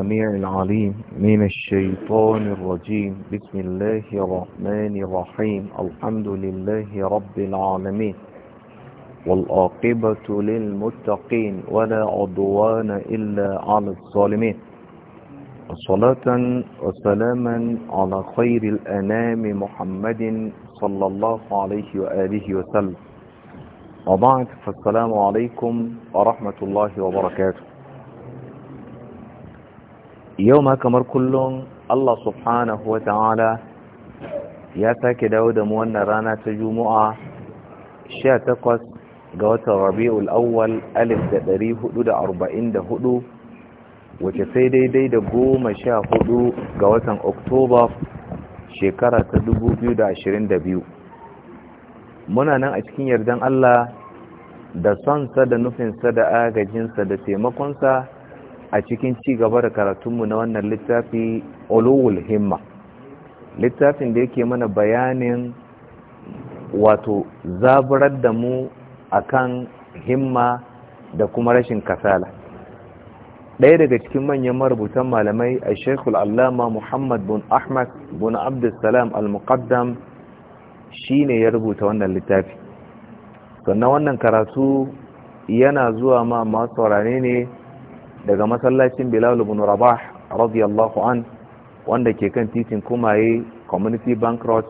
السميع العليم من الشيطان الرجيم بسم الله الرحمن الرحيم الحمد لله رب العالمين والآقبة للمتقين ولا عدوان إلا على الظالمين صلاة وسلاما على خير الأنام محمد صلى الله عليه وآله وسلم وبعد فالسلام عليكم ورحمة الله وبركاته yau ma kamar kullum Allah subhanahu wa ta'ala ya sake dawo da mu wannan rana ta juma'a 18 ga watan rabi'ul awwal 1444 wace sai daidai da goma ga watan oktoba shekara ta 2022 muna nan a cikin yardan Allah da sonsa da nufinsa da agajinsa da taimakonsa a cikin ci gaba da karatunmu na wannan littafi olowul himma littafin da yake mana bayanin wato zaburar da mu akan himma da kuma rashin kasala ɗaya daga cikin manyan marubutan malamai a shekul allama muhammad bin ahmad bin abdulsalam al-muqaddam shi ne ya rubuta wannan littafi sannan wannan karatu yana zuwa ma masu ne daga masallacin bilal ibn rabah radiyallahu an wanda ke kan titin kumaye community bank road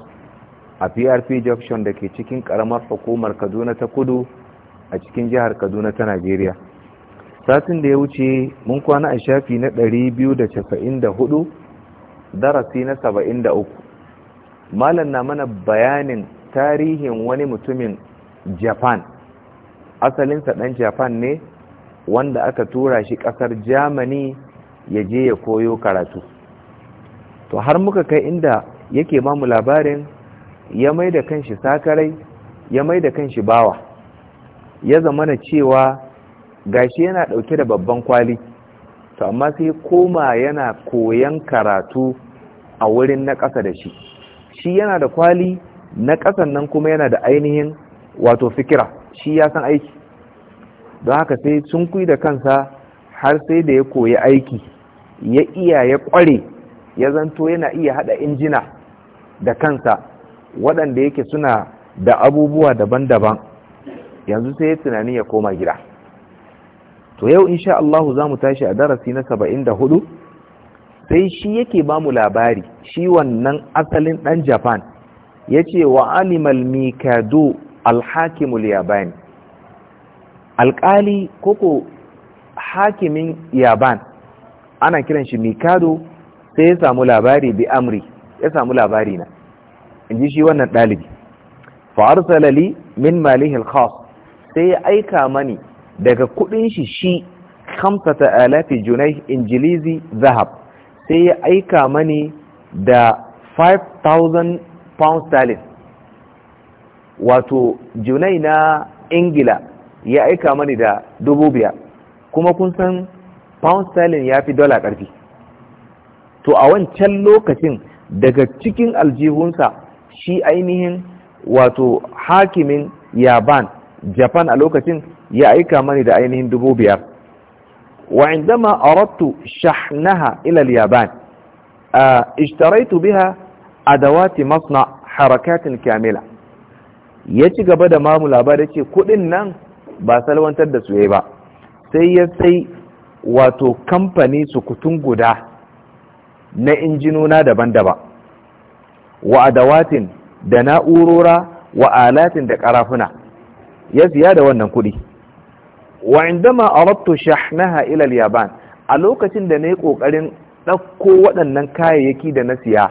a prp junction da ke cikin karamar hukumar kaduna ta kudu a cikin jihar kaduna ta najeriya satin da ya wuce mun kwana a shafi na 294 darasi na 73 malam na mana bayanin tarihin wani mutumin japan asalinsa dan japan ne wanda aka tura shi kasar Jamani ya je ya koyo karatu to har muka kai inda yake mamu labarin ya mai da kanshi sakarai ya mai da kanshi bawa ya zama na cewa gashi yana dauke da babban kwali to amma sai koma yana koyan karatu a wurin na ƙasa da shi shi yana da kwali na ƙasa nan kuma yana da ainihin wato fikira shi ya san aiki don haka sai sun kui da kansa har sai da ya koyi aiki ya iya ya kware ya zanto yana iya hada injina da kansa waɗanda yake suna da abubuwa daban-daban yanzu sai ya tunani ya koma gida to yau insha Allah za mu tashi a darasi na saba'in da hudu sai shi yake ba mu labari shi wannan asalin ɗan japan ya ce wa alimal mikado alhakimul yabani alƙali koko hakimin yaban ana kiran shi mikado sai ya samu labari bi amri ya samu labari na in ji shi wannan ɗalibi fa'arsala li min malihi sai ya aika mani daga kudin shi shi khamsata alafi junai injilizi zahab sai ya aika mani da 5000 pound sterling wato junai na ingila ya aika mani da dubu biyar kuma kun san pound sterling ya fi dola ƙarfi to a wancan lokacin daga cikin aljihunsa shi ainihin wato hakimin yaban japan a lokacin ya aika mani da ainihin dubu biyar wa indama arattu shahnaha ila yaban ishtaraitu biha adawati masna harakatin kamila ya ci gaba da mamu labarai ce kudin nan ba salwantar da su ba sai ya sai wato kamfani sukutun guda na injinuna daban-daban wa adawatin da na'urora wa alatin da karafuna ya siya da wannan kuɗi wa indama aradtu shahnaha ila yaban a lokacin da nayi kokarin ɗauko waɗannan kayayyaki da na siya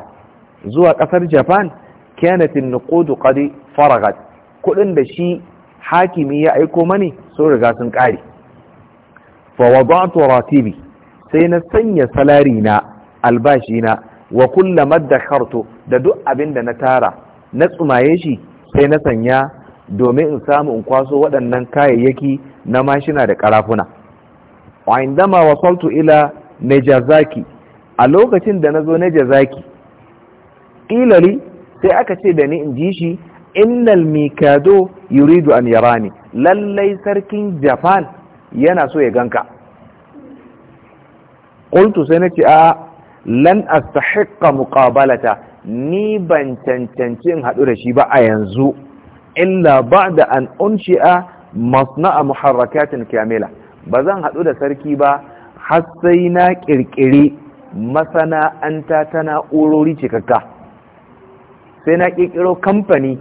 zuwa ƙasar Japan kanatin nuqudu qad faragat kuɗin da shi hakimi ya aiko mani sun riga sun kare? fa wada'tu ratibi sai na sanya salari na albashi na wa kulla maddakhartu da duk abin da na tara na tsumaye shi sai na sanya domin in samu in kwaso waɗannan kayayyaki na mashina da karafuna wa indama wasaltu ila najazaki a lokacin da na zo najazaki ƙilali sai aka ce da ni in ji shi innal mikado yuridu an yarani lallai sarkin japan yana so ya ganka qultu sai nace a lan astahiqqa muqabalata ni ban cancanci in haɗu da shi ba a yanzu illa ba'da an unshi'a masna'a muharrakatin kamila ba zan haɗu da sarki ba har sai na ƙirƙiri masana'anta ta na'urori cikakka sai na ƙirƙiro kamfani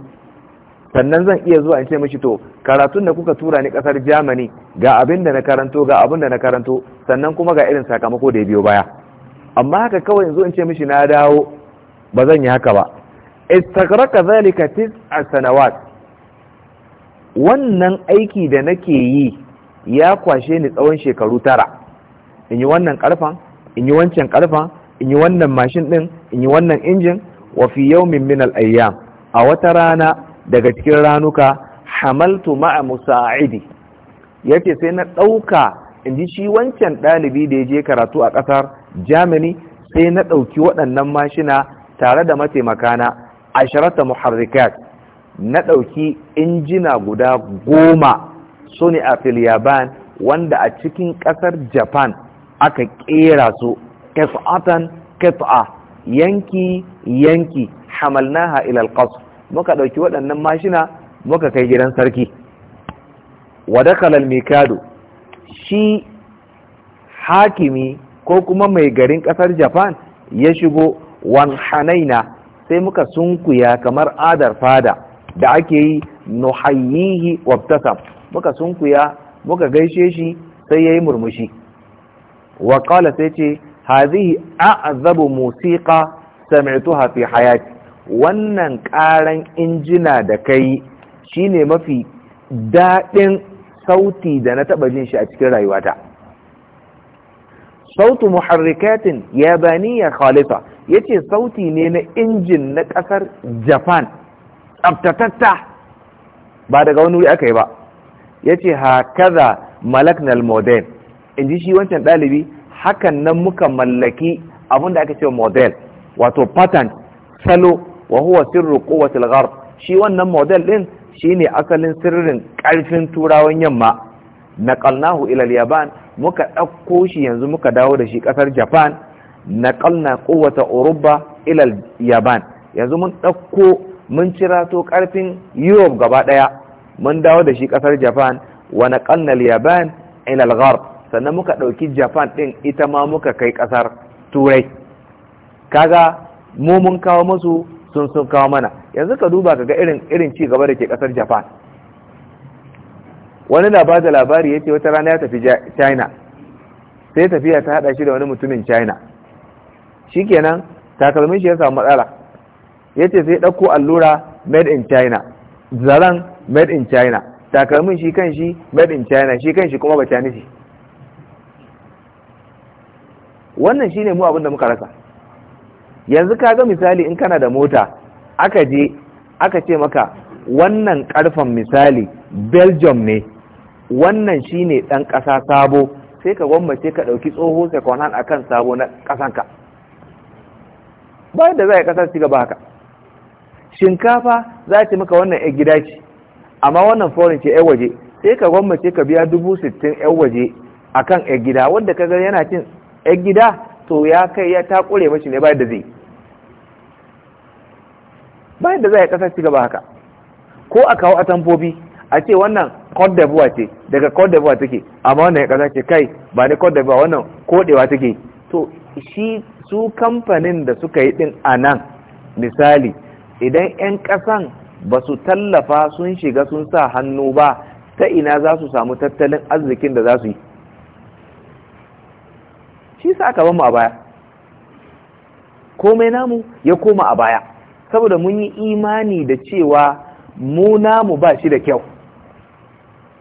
sannan zan iya zuwa in ce mishi to karatun da kuka tura ni kasar Germany ga abin da na karanto ga abin da na karanto sannan kuma ga irin sakamako da ya biyo baya amma haka kawai in zo in ce mishi na dawo ba zan yi haka ba istagraka zalika tis sanawat wannan aiki da nake yi ya kwashe ni tsawon shekaru tara in yi wannan karfan in yi wancan karfan in yi wannan mashin din in yi wannan injin wa fi yawmin min al-ayyam a wata rana daga cikin ranuka hamaltu ma'a musa'idi yace sai na ɗauka in ji shi wancan ɗalibi da ya je karatu a ƙasar jamani sai na ɗauki waɗannan mashina tare da mataimakana ashirata muharrikat na ɗauki injina guda goma su ne a filiyaban wanda a cikin ƙasar japan aka ƙera su kef'atan kef'a yanki yanki hamalnaha ilal qasr muka ɗauki waɗannan mashina muka kai gidan sarki wadakalal mikado shi hakimi ko kuma mai garin ƙasar japan ya shigo wanhanaina sai muka sunkuya kamar adar fada da ake yi nuhayyihi wabtasam muka sunkuya muka gaishe shi sai ya yi murmushi wa sai ce hazihi a'azabu musiƙa sami'tuha fi hayati wannan ƙaran injina da kai shine mafi daɗin sauti da na taɓa jin shi a cikin rayuwata sautu muharrikatin yabaniya khalifa ce sauti ne na injin na ƙasar japan tsabtatatta ba daga wani wuri aka yi ba ya yace hakaza malaknal model in ji shi wancan ɗalibi hakan nan muka mallaki abin da aka ce model wato patent salo wa huwa sirru quwwatil gharb shi wannan model din shine asalin sirrin karfin turawan yamma naqalnahu ila yaban muka dauko shi yanzu muka dawo da shi kasar Japan naqalna quwwata uruba ila yaban yanzu mun dauko mun cirato karfin Europe gaba daya mun dawo da shi kasar Japan wa naqalna yaban ila al-gharb sannan muka dauki Japan din ita ma muka kai kasar Turai kaga mu mun kawo musu sun sun kawo mana yanzu ka duba ka ga irin irin ci gaba da ke kasar japan wani na bada labari yace wata rana ya tafi china sai tafiya ta hada shi da wani mutumin china shikenan takalmin shi ya samu matsala yace sai dauko allura made in china zaran made in china takalmin shi kan shi made in china shi kan shi kuma ba chinese wannan shine mu abin da muka rasa yanzu ka ga misali in kana da mota aka je aka ce maka wannan karfan misali belgium ne wannan shine ɗan ƙasa sabo sai ka gwammace ka ɗauki tsoho second hand akan sabo na ƙasanka bayan da za a yi ƙasar ci gaba haka shinkafa za ta maka wannan 'yan gida ce amma wannan foreign ce 'yan waje sai ka gwammace ka biya dubu sittin 'yan waje akan 'yan gida wanda ka ga yana cin 'yan gida to ya kai ya ƙure mashi ne bayan da zai ba yadda za a kasar ci gaba haka ko a kawo atamfobi a ce wannan Cote d'Ivoire ce daga Cote d'Ivoire take amma wannan ya kasa ce kai ba ni Cote d'Ivoire wannan kodewa take to shi su kamfanin da suka yi din a nan misali idan 'yan ƙasan ba su tallafa sun shiga sun sa hannu ba ta ina za su samu tattalin arzikin da za su yi shi sa aka mu a baya komai namu ya koma a baya saboda mun yi imani da cewa mu namu ba shi da kyau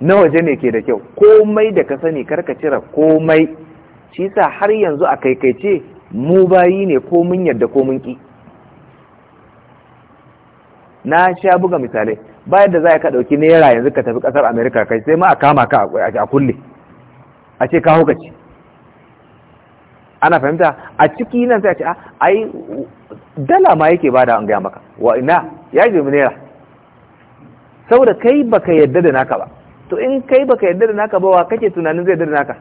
na waje ne ke da kyau komai da ka sani karka cire komai shi sa har yanzu a kaikaice mu bayi ne ko mun yadda ko mun ki na sha buga misalai bayan da za ka ɗauki naira yanzu ka tafi ƙasar amerika kai sai ma a kama ka a kulle a ce ka hukaci ana fahimta a ciki nan sai a ce ah, ai dala ma yake bada an gaya maka wa ina ya girmi naira saboda kai baka yadda da naka ba to in kai baka yadda da naka ba wa kake tunanin zai yadda da naka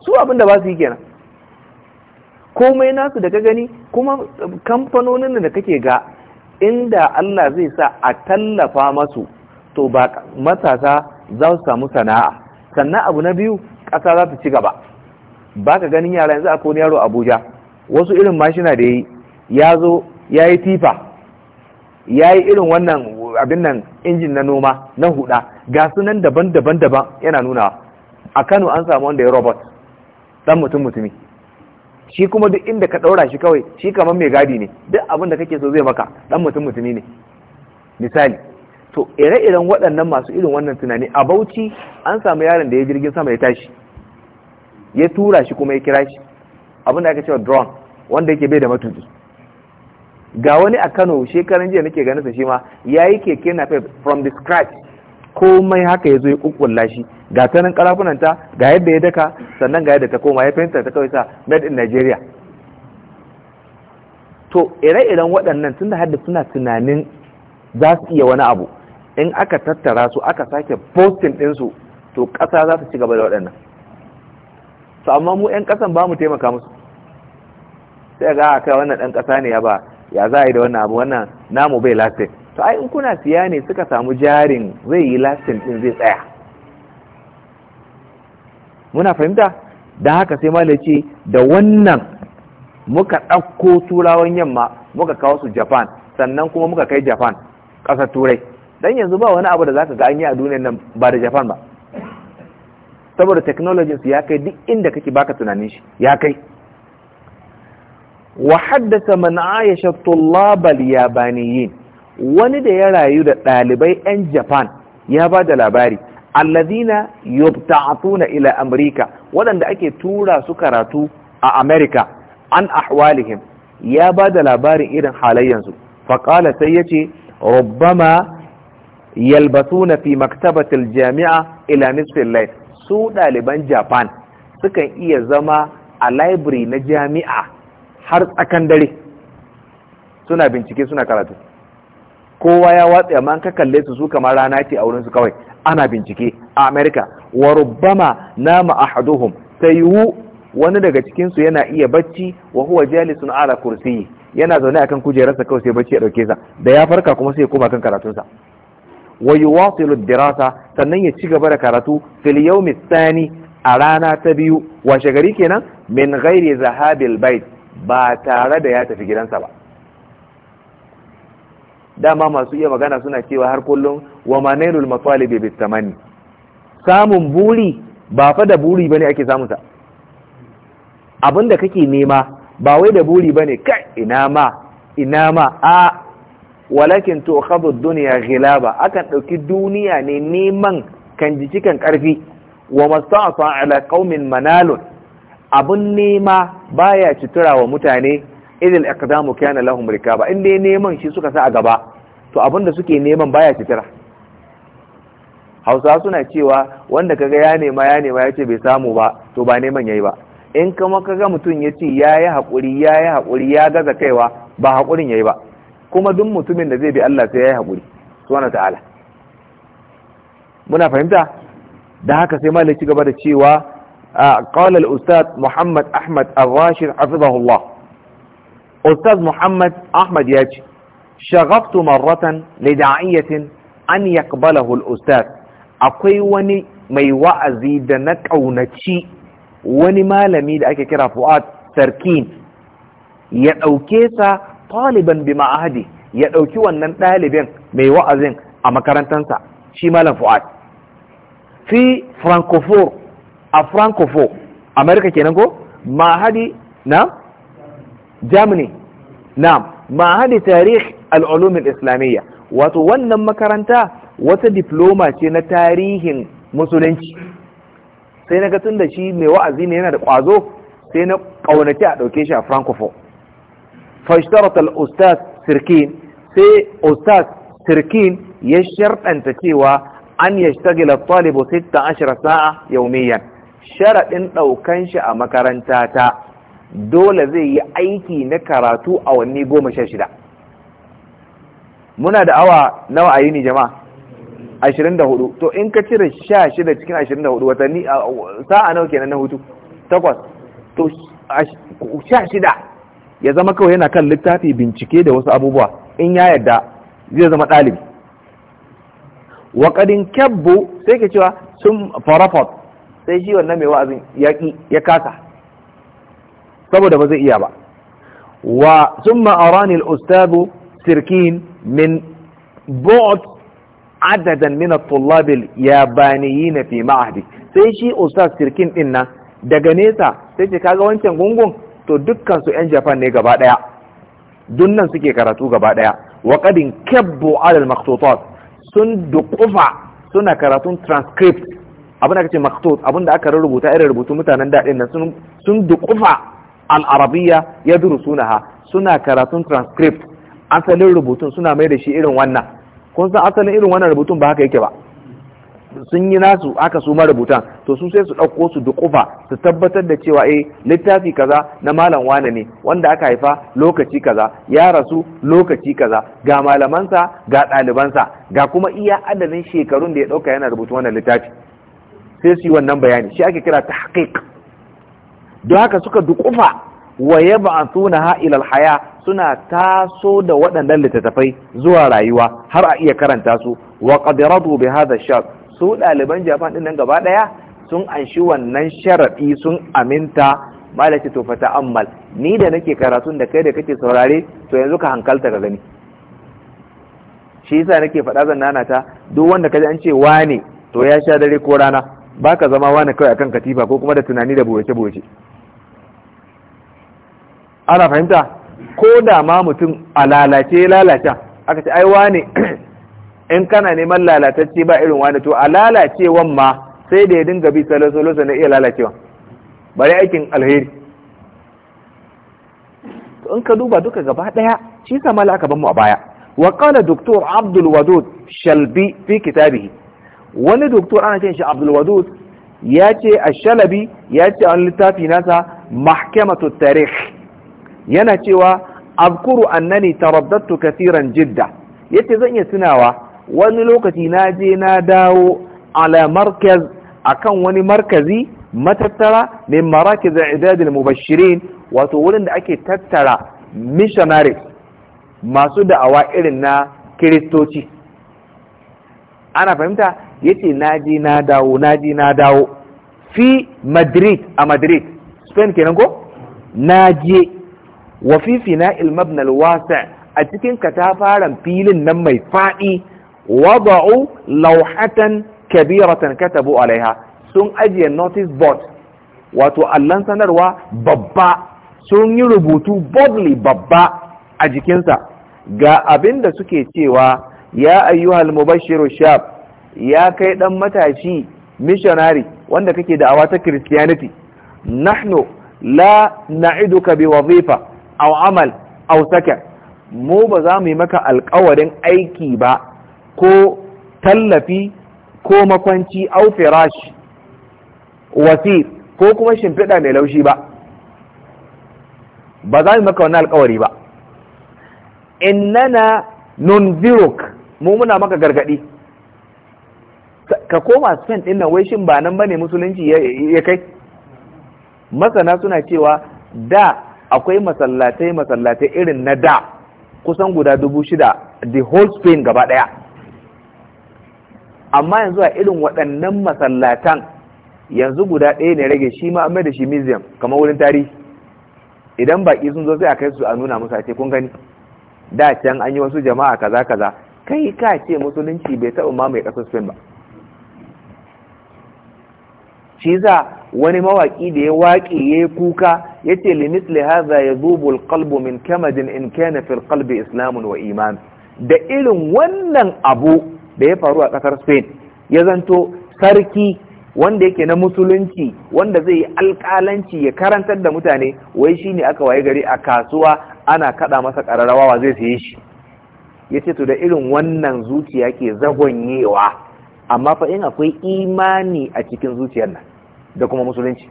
su abin da ba su yi kenan komai nasu da ka gani kuma kamfanonin da kake ga inda Allah zai sa a tallafa masu to ba matasa za su samu sana'a sannan abu na biyu ƙasa za ta ci gaba ba ka ganin yara yanzu akwai yaro abuja wasu irin mashina da ya yi ya zo ya yi tifa ya yi irin wannan abin nan injin na noma na huda ga su nan daban-daban daban yana nuna a kano an samu wanda ya robot dan mutum mutumi shi kuma duk inda ka ɗaura shi kawai shi kamar mai gadi ne duk abin da kake so zai maka dan mutum mutumi ne misali to ire-iren waɗannan masu irin wannan tunani a bauchi an samu yaron da ya jirgin sama ya tashi ya tura shi kuma ya kira shi abinda aka cewa drone wanda yake bai da matuki ga wani a Kano shekaran jiya nake ganin sa shi ma yi keke na from the scratch komai haka ya zo ya kukkulla shi ga tanin karafunan ta ga yadda ya daka sannan ga yadda ta koma ya fahimta ta kawai sa made in Nigeria to ire-iren waɗannan tun da hadda suna tunanin za su iya wani abu in aka tattara su aka sake posting ɗinsu to ƙasa za ta ci gaba da waɗannan to amma mu yan ƙasan ba mu taimaka musu sai ga aka wannan ɗan ƙasa ne ya ba ya za a yi da wannan abu wannan namu bai lasin to ai in kuna siya ne suka samu jarin zai yi lasin ɗin zai tsaya muna fahimta don haka sai malai ce da wannan muka ɗauko turawan yamma muka kawo su japan sannan kuma muka kai japan ƙasar turai don yanzu ba wani abu da za ka ga an yi a duniyar nan ba da japan ba saboda technology su ya kai duk inda kake baka tunanin shi ya kai wa haddasa man aisha tullabal yabaniyin wani da ya rayu da ɗalibai 'yan japan ya ba da labari allazina yubta'atuna ila amurika waɗanda ake tura su karatu a amerika an ahwalihim ya ba da labarin irin halayyansu faƙala sai ya ce rubbama yalbasuna fi maktabatil jami'a ila nisfin laif su ɗaliban japan sukan iya zama a library na jami'a har tsakan dare suna bincike suna karatu kowa ya watsa amma ka kalle su su kamar rana ce a wurinsu kawai ana bincike a america wa rubbama nama ahaduhum sayu wani daga cikinsu yana iya bacci wa huwa jalisun ala kursiyi yana zaune akan kujerarsa kawai sai bacci ya dauke sa da ya farka kuma sai ya koma kan karatunsa wa yuwatilu dirasa sannan ya ci gaba da karatu fil yawmi tsani a rana ta biyu washe gari kenan min ghairi zahabil bait ba tare da ya tafi gidansa ba dama masu iya magana suna cewa har kullum wa manailul matalibi samun buri ba fa da buri bane ake samun sa abinda kake nema ba wai da buri bane kai ina ma ina ma a walakin to khadu duniya ghilaba akan dauki duniya ne neman kan ji karfi wa masta'fa ala qaumin manalun abun nema baya citura wa mutane idil iqdamu kana lahum rikaba in dai neman shi suka sa a gaba to abun da suke neman baya citura Hausa suna cewa wanda kaga ya nema ya nema yace bai samu ba to ba neman yayi ba in kuma kaga mutum yace yayi hakuri yayi hakuri ya gaza kaiwa ba hakurin yayi ba kuma duk mutumin da zai bi Allah sai yayi yi haƙuri subhanahu ta'ala muna fahimta da haka sai malai ci gaba da cewa qala al-ustad Muhammad Ahmad Ar-Rashid hafizahu Allah ustad Muhammad Ahmad ya ce shaghaftu marratan li da'iyatin an yaqbalahu al-ustad akwai wani mai wa'azi da na kaunaci wani malami da ake kira Fuad Sarkin ya dauke sa taliban bi ma'ahadi ya ɗauki wannan ɗalibin mai wa'azin a makarantansa shi malam fu'ad fi francophore a kenan ko ma'ahadi na germany na ma'ahadi tarih al'ulumin islamiyya wato wannan makaranta wata diploma ce na tarihin musulunci sai na ga tun da shi mai wa'azi ne yana da ƙwazo sai na ƙaunaci a ɗauke shi a francophone fashtarat al-ustaz sirkin sai ustaz sirkin ya sharɗanta cewa an yashtagila talibu 16 sa'a yawmiyan sharaɗin ɗaukan shi a makaranta ta dole zai yi aiki na karatu a wanni goma sha shida muna da awa nawa a yini jama'a ashirin da hudu to in ka cire sha shida cikin ashirin da hudu watanni sa'a nawa kenan na hutu takwas to ya zama kawai yana kan littafi bincike da wasu abubuwa in ya yarda zai zama ɗalibi waƙadin kyabbo sai ke cewa sun farafat sai shi wannan mai wa'azin yaƙi ya kasa saboda ba zai iya ba wa sun ma'arani al'ustabu sirkin min bot adadan min tullabil yabaniyi na fi ma'ahdi sai shi ustaz sirkin din nan daga nesa sai ce kaga wancan gungun to dukkan su yan japan ne gaba daya dunnan suke karatu gaba daya wa qadin kabbu ala al sun duqufa suna karatun transcript abin da kace maktut abin da aka rubuta irin rubutu mutanen daɗin nan sun sun duqufa al-arabiyya yadrusunaha suna karatun transcript asalin rubutun suna mai da shi irin wannan kun san asalin irin wannan rubutun ba haka yake ba sun yi nasu aka su marubutan to su sai su ɗauko su dukufa su tabbatar da cewa eh littafi kaza na malam wane ne wanda aka haifa lokaci kaza ya rasu lokaci kaza ga malamansa ga ɗalibansa ga kuma iya adadin shekarun da ya ɗauka yana rubuta wannan littafi sai su yi wannan bayani shi ake kira ta tahqiq don haka suka dukufa wa an suna al-haya suna taso da waɗannan littattafai zuwa rayuwa har a iya karanta su wa qadiratu bi hadha shab su ɗaliban japan ɗin nan gaba ɗaya sun anshi wannan sharaɗi sun aminta malaci to fata ammal ni da nake karatu da kai da kake saurare to yanzu ka hankalta ka gani shi yasa nake faɗa zan nana ta duk wanda kaji an ce wane to ya sha dare ko rana baka zama wane kawai akan katifa ko kuma da tunani da boye boye ana fahimta ko da ma mutum a lalace lalace aka ce ai wane in kana neman lalatacce ba irin wani to a lalacewan ma sai da ya dinga bi salo-salo na iya lalacewa bari aikin alheri in ka duba duka gaba daya shi sa mala aka mu a baya wa qala doktor abdul wadud shalbi fi kitabihi wani doktor ana cin shi abdul wadud ya ce a shalabi ya ce an littafi nasa mahkamatu tarikh yana cewa abkuru annani taraddatu kathiran jidda yace zan iya tunawa wani lokaci na je na dawo ala markaz akan wani markazi matattara min marakiz idadil mubashirin wato wurin da ake tattara missionaries masu da'awa irin na kiristoci ana fahimta yace na je na dawo na je na dawo fi madrid a madrid spain kenan ko na je wa fi fina al mabna al wasi' a cikin katafaren filin nan mai faɗi wada'u lauhatan kabiratan katabu alaiha sun ajiye notice board wato allan sanarwa babba sun yi rubutu boldly babba a jikinsa ga abin da suke cewa ya ayyuhal mubashiru shab ya kai dan matashi missionary wanda kake da'awa ta christianity nahnu la na'iduka bi wazifa aw amal aw sakar mu ba za mu yi maka alƙawarin aiki ba ko tallafi ko makwanci au firash wasi, ko kuma shimfiɗa mai laushi ba ba za mu maka wani alkawari ba innana nunziruk mu muna maka gargaɗi ka koma spain ɗin nan wai shin ba nan bane musulunci ya kai masana suna cewa da akwai masallatai masallatai irin na da kusan guda dubu shida the whole spain gaba ɗaya. amma yanzu a irin waɗannan masallatan yanzu guda ɗaya ne rage shi ma an da shi museum kamar wurin tarihi idan baƙi sun zo sai a kai su a nuna musu a ce kun gani da can an yi wasu jama'a kaza kaza kai ka ce musulunci bai taɓa ma mai ƙasar spain ba shi za wani mawaƙi da ya waƙe ya yi kuka ya ce limis lihaza ya zubo alƙalbo min kamadin in kana fil qalbi islamun wa iman da irin wannan abu da ya faru a ƙasar spain ya zanto sarki wanda yake na musulunci wanda zai yi alƙalanci ya karantar da mutane wai shi ne aka waye gari a kasuwa ana kaɗa masa ƙararrawa zai saye shi ya ce to da irin wannan zuciya ke zagonyewa amma fa in akwai imani a cikin zuciyar nan da kuma musulunci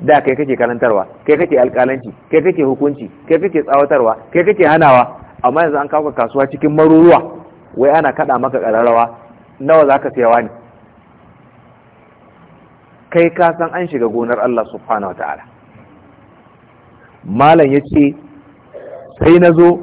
da kai kake karantarwa kai kake alƙalanci kai kake hukunci kai kake tsawatarwa kai kake hanawa amma yanzu an kawo kasuwa cikin maruruwa wai ana kaɗa maka ƙararrawa nawa zaka siya wani kai ka san an shiga gonar Allah subhanahu wataala malam ya ce sai na zo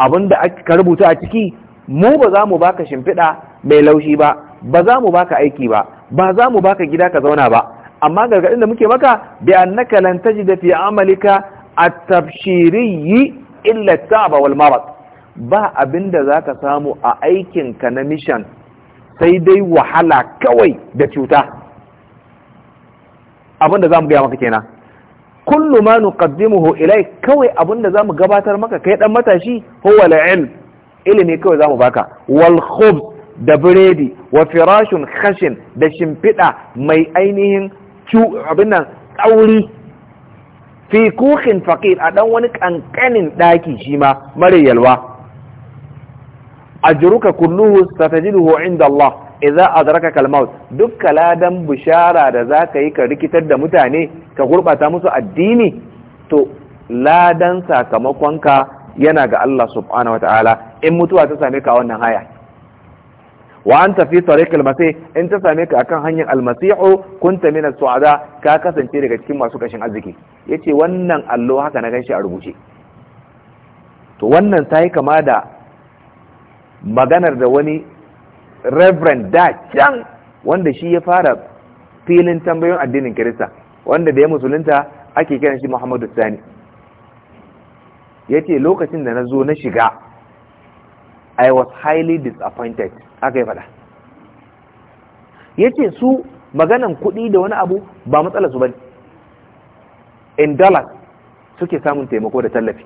abinda aka rubuta a ciki mu ba za mu baka shimfiɗa mai laushi ba ba za mu baka aiki ba ba za mu baka gida ka zauna ba amma gargaɗin da muke maka bi annaka lan tajida fi amalika at-tabshiriyyi illa at-ta'ba wal marad ba abin da za ka samu a aikinka na mishan sai dai wahala kawai da cuta abin da za mu gaya maka kenan kullu ma nuqaddimuhu ilai kawai abin da za mu gabatar maka kai dan matashi huwa ilm ilimi kawai za mu baka wal khubz da biredi wa firashun khashin da shimfiɗa mai ainihin abin nan tsauri fi kuhin faqir a dan wani kankanin daki shi ma mara yalwa ajruka kulluhu satajiduhu inda Allah idza adrakaka al-maut duk Ladan bishara da zaka yi ka rikitar da mutane ka gurbata musu addini to ladan sakamakonka yana ga Allah subhanahu wataala in mutuwa ta same ka wannan haya wa anta fi tariqil masih in ta same ka akan hanyar almasihu kunta min as-su'ada ka kasance daga cikin masu kashin arziki yace wannan allo haka na ganshi a rubuce to wannan sai kama da maganar da wani reverend da can wanda shi ya fara filin tambayoyin addinin kirista wanda da ya musulunta ake kiran shi muhammadu sani ya ce lokacin da na zo na shiga i was highly disappointed aka yi fada ya ce su maganan kuɗi da wani abu ba matsala su ba in dollars suke samun taimako da tallafi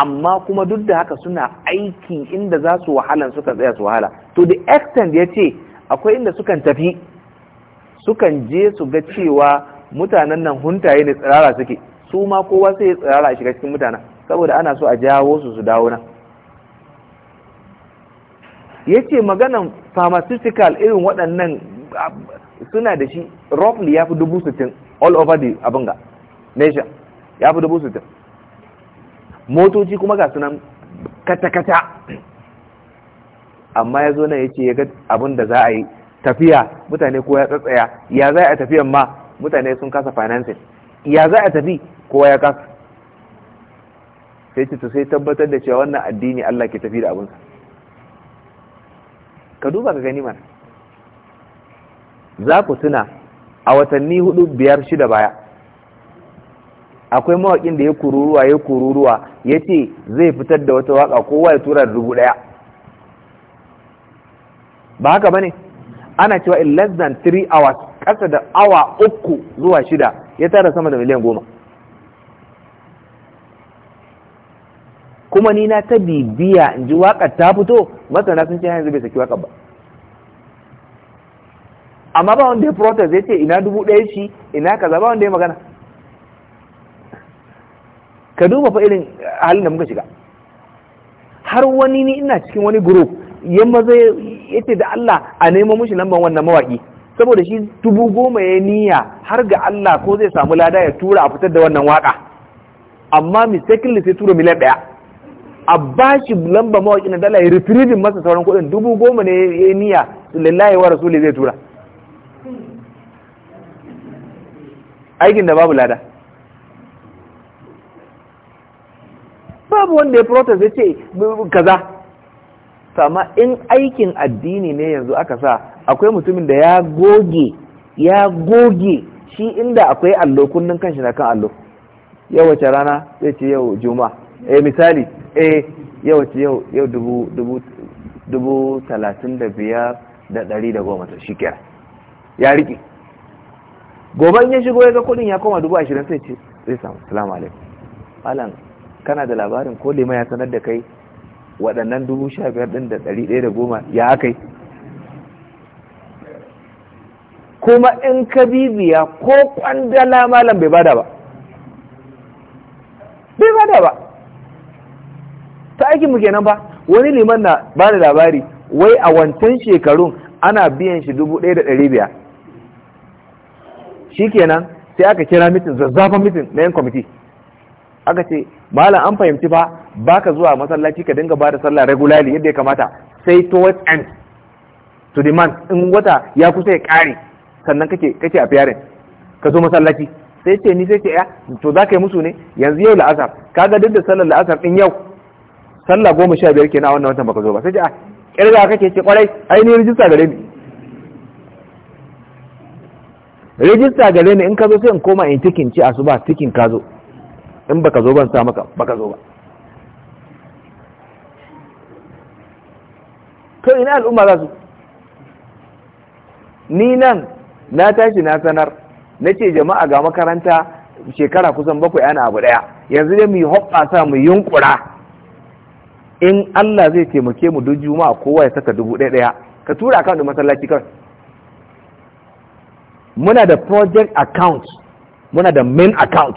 amma kuma duk da haka suna aiki inda za su wahala suka tsaya su wahala to the extent ya ce akwai inda sukan tafi sukan je su ga cewa mutanen nan huntaye ne tsirara suke su ma kowa sai ya tsirara shiga cikin mutanen saboda ana so a jawo su su dawo nan ya ce maganan pharmaceutical irin waɗannan suna da shi roughly ya fi dubu sittin all over the ga nation ya fi dubu sittin motoci kuma ga sunan kata-kata amma ya zo nan ya ce ya ga abin da za a yi tafiya mutane ko ya tsatsaya ya za a tafiya ma mutane sun kasa financing ya za a tafi ko ya kasa sai ce sai tabbatar da cewa wannan addini Allah ke tafi da abinsa ka duba ka gani mana za ku tuna a watanni hudu biyar shida baya akwai mawakin da ya kururuwa ya kururuwa ya ce zai fitar da wata waka kowa ya tura dubu ɗaya ba haka ba ne ana cewa in less than 3 hours ƙasa da awa uku zuwa shida ya tara sama da miliyan goma kuma ni na ta bibiya in ji waƙar ta fito masana sun ce yanzu bai saki waƙar ba amma ba wanda ya protest ya ce ina dubu ɗaya shi ina kaza ba wanda ya magana ka duba fa irin halin da muka shiga har wani ni ina cikin wani group ya maza ya ce da Allah a nemo mushi lamban wannan mawaki saboda shi dubu goma ya niyya har ga Allah ko zai samu lada ya tura a fitar da wannan waka amma mistakenly sai tura miliyan ɗaya a bashi lamba mawaki na dala ya retrieving masa sauran kuɗin dubu goma ne ya niyya lillahi wa rasuli zai tura aikin da babu lada babu wanda ya protest ya ce kaza amma in aikin addini ne yanzu aka sa akwai mutumin da ya goge ya goge shi inda akwai allo kunnin kanshi na kan allo yau wace rana zai ce yau juma E, eh, misali E, yau wace yau yau dubu dubu dubu talatin da biyar da dari da goma ta shi ya riƙe gobe in ya shigo ya ga kudin ya koma dubu ashirin sai ce zai samu salamu alaikum kana da labarin ko lema ya sanar da kai waɗannan dubu sha biyar ɗin da ɗari ɗaya da goma ya aka yi kuma in ka bibiya ko kwandala malam bai bada ba bai bada ba ta aikin muke nan ba wani liman na ba da labari wai a wancan shekarun ana biyan shi dubu ɗaya da ɗari biya? shi kenan sai aka kira mitin zazzafan mitin na yan kwamiti aka ce malam an fahimci ba baka zuwa masallaci ka dinga bada sallah regularly yadda ya kamata sai towards end to the man. in wata ya kusa ya kare sannan kake kake a fiyarin ka zo masallaci sai ce ni sai ce ya to za ka yi musu ne yanzu yau la'asar kaga duk da sallar la'asar din yau sallah goma sha biyar kenan a wannan watan baka zo ba sai ce a ah, kirga kake ce kwarai ainihin rijista gare ni rijista gare ni in ka zo sai in koma in tikin ci asuba tikin ka zo in baka zo ban sa maka baka zo ba to ina al'umma za su ni nan na tashi na sanar na ce jama'a ga makaranta shekara kusan bakwai ana abu daya yanzu dai mu yi sa mu yunkura in Allah zai taimake mu duk juma'a kowa ya saka dubu ɗaya ɗaya ka tura akawun da masallaci kawai muna da project account muna da main account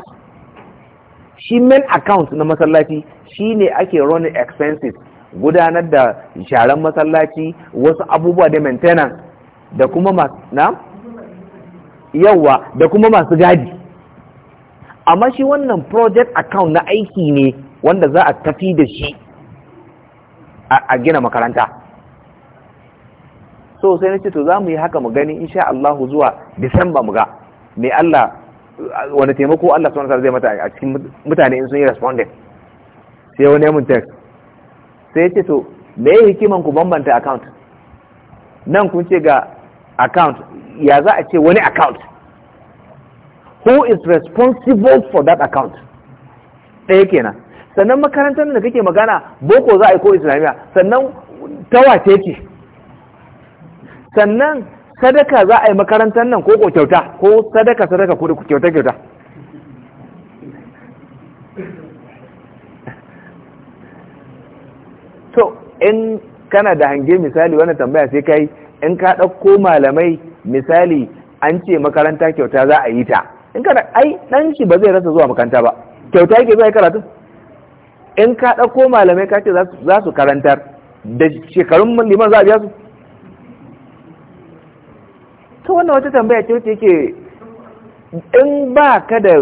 shi main account na masallaci shi ne ake running expenses gudanar da sharan masallaci wasu abubuwa da maintenance da kuma masu na da kuma masu gadi amma shi wannan project account na aiki ne wanda za a tafi da shi a gina makaranta so sai na ce to za mu yi haka mu gani insha Allah zuwa Disamba mu ga me Allah wani taimako Allah subhanahu zai mata a cikin mutane in sun yi respondent sai wani yamin text sai ya ce to me ya hikiman ku bambanta account nan kun ce ga account ya za a ce wani account who is responsible for that account ɗaya kenan sannan makarantar da kake magana boko za a yi ko islamiyya sannan wace ce sannan sadaka za a yi makarantar nan ko kyauta ko sadaka sadaka ko kyauta kyauta to in kana da hange misali wani tambaya sai kai in ka ɗauko malamai misali an ce makaranta kyauta za a yi ta in kana ai ɗan shi ba zai rasa zuwa makaranta ba kyauta yake zuwa karatu in ka ɗauko malamai ka ce za su karantar da shekarun liman za a biya su to wannan wata tambaya ce yake in ba ka da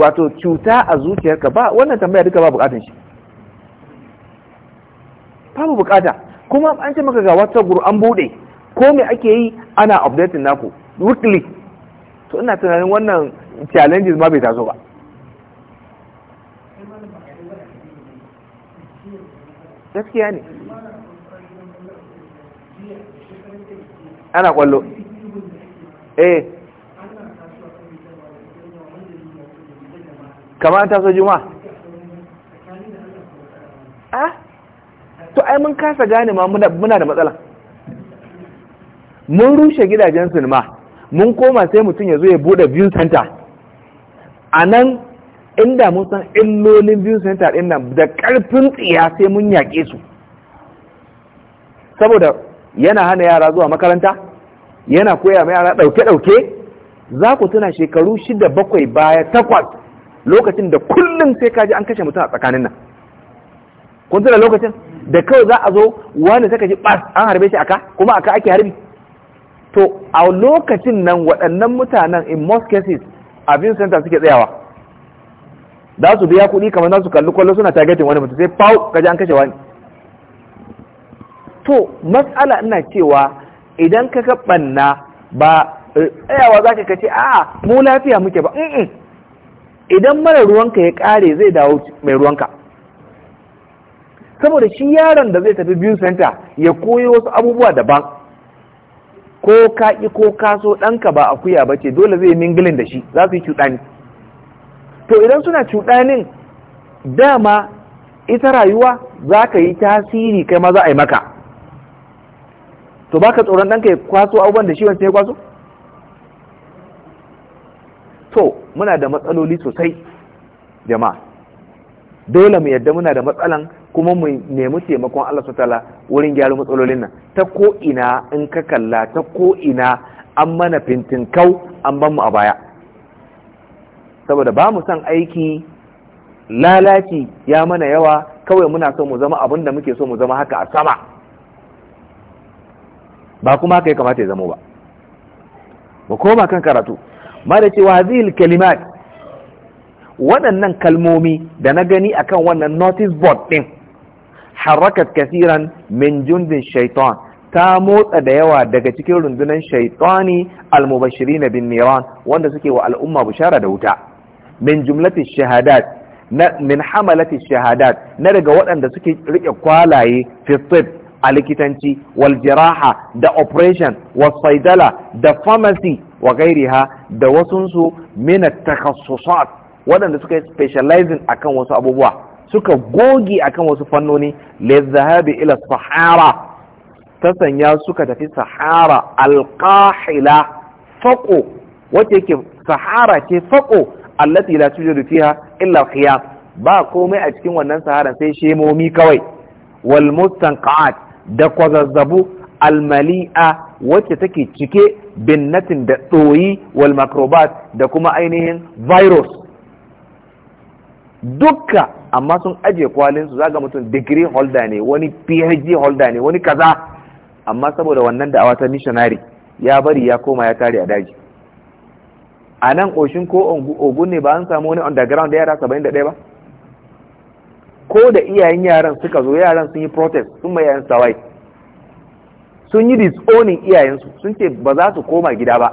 wato cuta a zuciyarka ba wannan tambaya duka ba bukatun shi babu bukata kuma an ce maka ga wata guru an bude ko mai ake yi ana updating naku weekly to ina tunanin wannan challenges ma bai taso ba gaskiya ne ana kwallo eh kamar ta so juma ah to ai mun kasa gane ma muna da matsala mun rushe gidajen sinima mun koma sai mutum ya zo ya bude view center a nan inda mun san illolin view center din nan da karfin tsiya sai mun yaƙe su saboda yana hana yara zuwa makaranta yana koya mai yara ɗauke-ɗauke za ku tuna shekaru shida bakwai baya takwas lokacin da kullum sai kaji an kashe mutum a tsakanin nan kun tuna lokacin da kawai za a zo wani saka ji bas an harbe shi aka kuma aka ake harbi to a lokacin nan waɗannan mutanen in most cases abin center suke tsayawa za su biya kuɗi kamar za su kalli kwallo suna targetin wani mutum sai pau kaji an kashe wani to matsala ina cewa idan ka ga banna ba eh, tsayawa za ka ce a mu lafiya muke ba idan mara ruwanka ya kare zai dawo mai ruwanka saboda shi yaron da zai tafi biyu center ya koyo wasu abubuwa daban ko ka ƙi ko ka so ɗanka ba a akuya ba ce dole zai mingilin da shi za su yi cuɗani to idan suna cuɗanin dama ita rayuwa za ka yi tasiri kai ma za a yi maka to baka tsoron ɗanka ya kwaso abubuwan da shi wancan ya kwaso to muna da matsaloli sosai jama'a dole mu yadda muna da matsalan kuma mu nemi taimakon Allah subhanahu wurin gyara matsalolin nan ta ko ina in ka kalla ta ko'ina an mana fintin kau, an ban mu a baya saboda ba mu son aiki lalaci ya mana yawa kawai muna so mu zama abin da muke so mu zama haka a sama ba kuma haka ya kamata ya zamo ba ba koma kan karatu ma da cewa zil kalimat waɗannan kalmomi da na gani akan wannan notice board ɗin harakat kasiran min jundin shaitan ta motsa da yawa daga cikin rundunar shaitani almubashiri na bin niran wanda suke wa al'umma bishara da wuta min jumlatin shahadat na min hamalatin shahadat na daga waɗanda suke riƙe kwalaye fi a likitanci wal jiraha da operation was saidala da pharmacy wa gairiha da wasunsu mina takassusat waɗanda suka yi specializing akan wasu abubuwa suka goge akan wasu fannoni lizahabi ila sahara ta sanya suka tafi sahara alƙahila faƙo wacce ke sahara ce faƙo allati la tujadu fiha illa khiyam ba komai a cikin wannan saharan sai shemomi kawai wal mustanqat da kwazazzabu almali'a wacce take cike binnatin da tsoyi wal makrobat da kuma ainihin virus dukka amma sun ajiye kwalinsu zaga mutum degree holder ne wani phd holder ne wani kaza amma saboda wannan da awata missionary ya bari ya koma ya tare a daji a nan ƙoshin ko ogun ne ba an samu wani underground da yara 71 ba ko da iyayen yaran suka zo yaran sun yi protest sun mai yayan sawai sun yi disowning iyayensu sun ce ba za su koma gida ba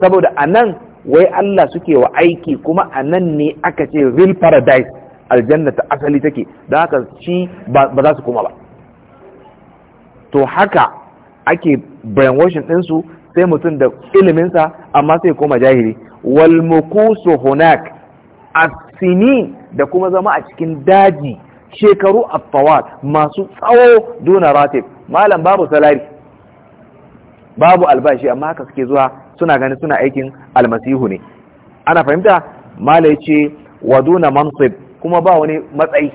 saboda a nan wai Allah suke wa aiki kuma a nan ne aka ce real paradise aljanna ta asali take don haka shi ba za su koma ba to haka ake brainwashing ɗinsu sai mutum da iliminsa amma sai koma jahili wal hunak asinin da kuma zama a cikin daji shekaru attawat masu tsawo duna ratib malam babu salari babu albashi amma haka suke zuwa suna gani suna aikin almasihu ne ana fahimta mala ya ce wa duna mansib kuma ba wani matsayi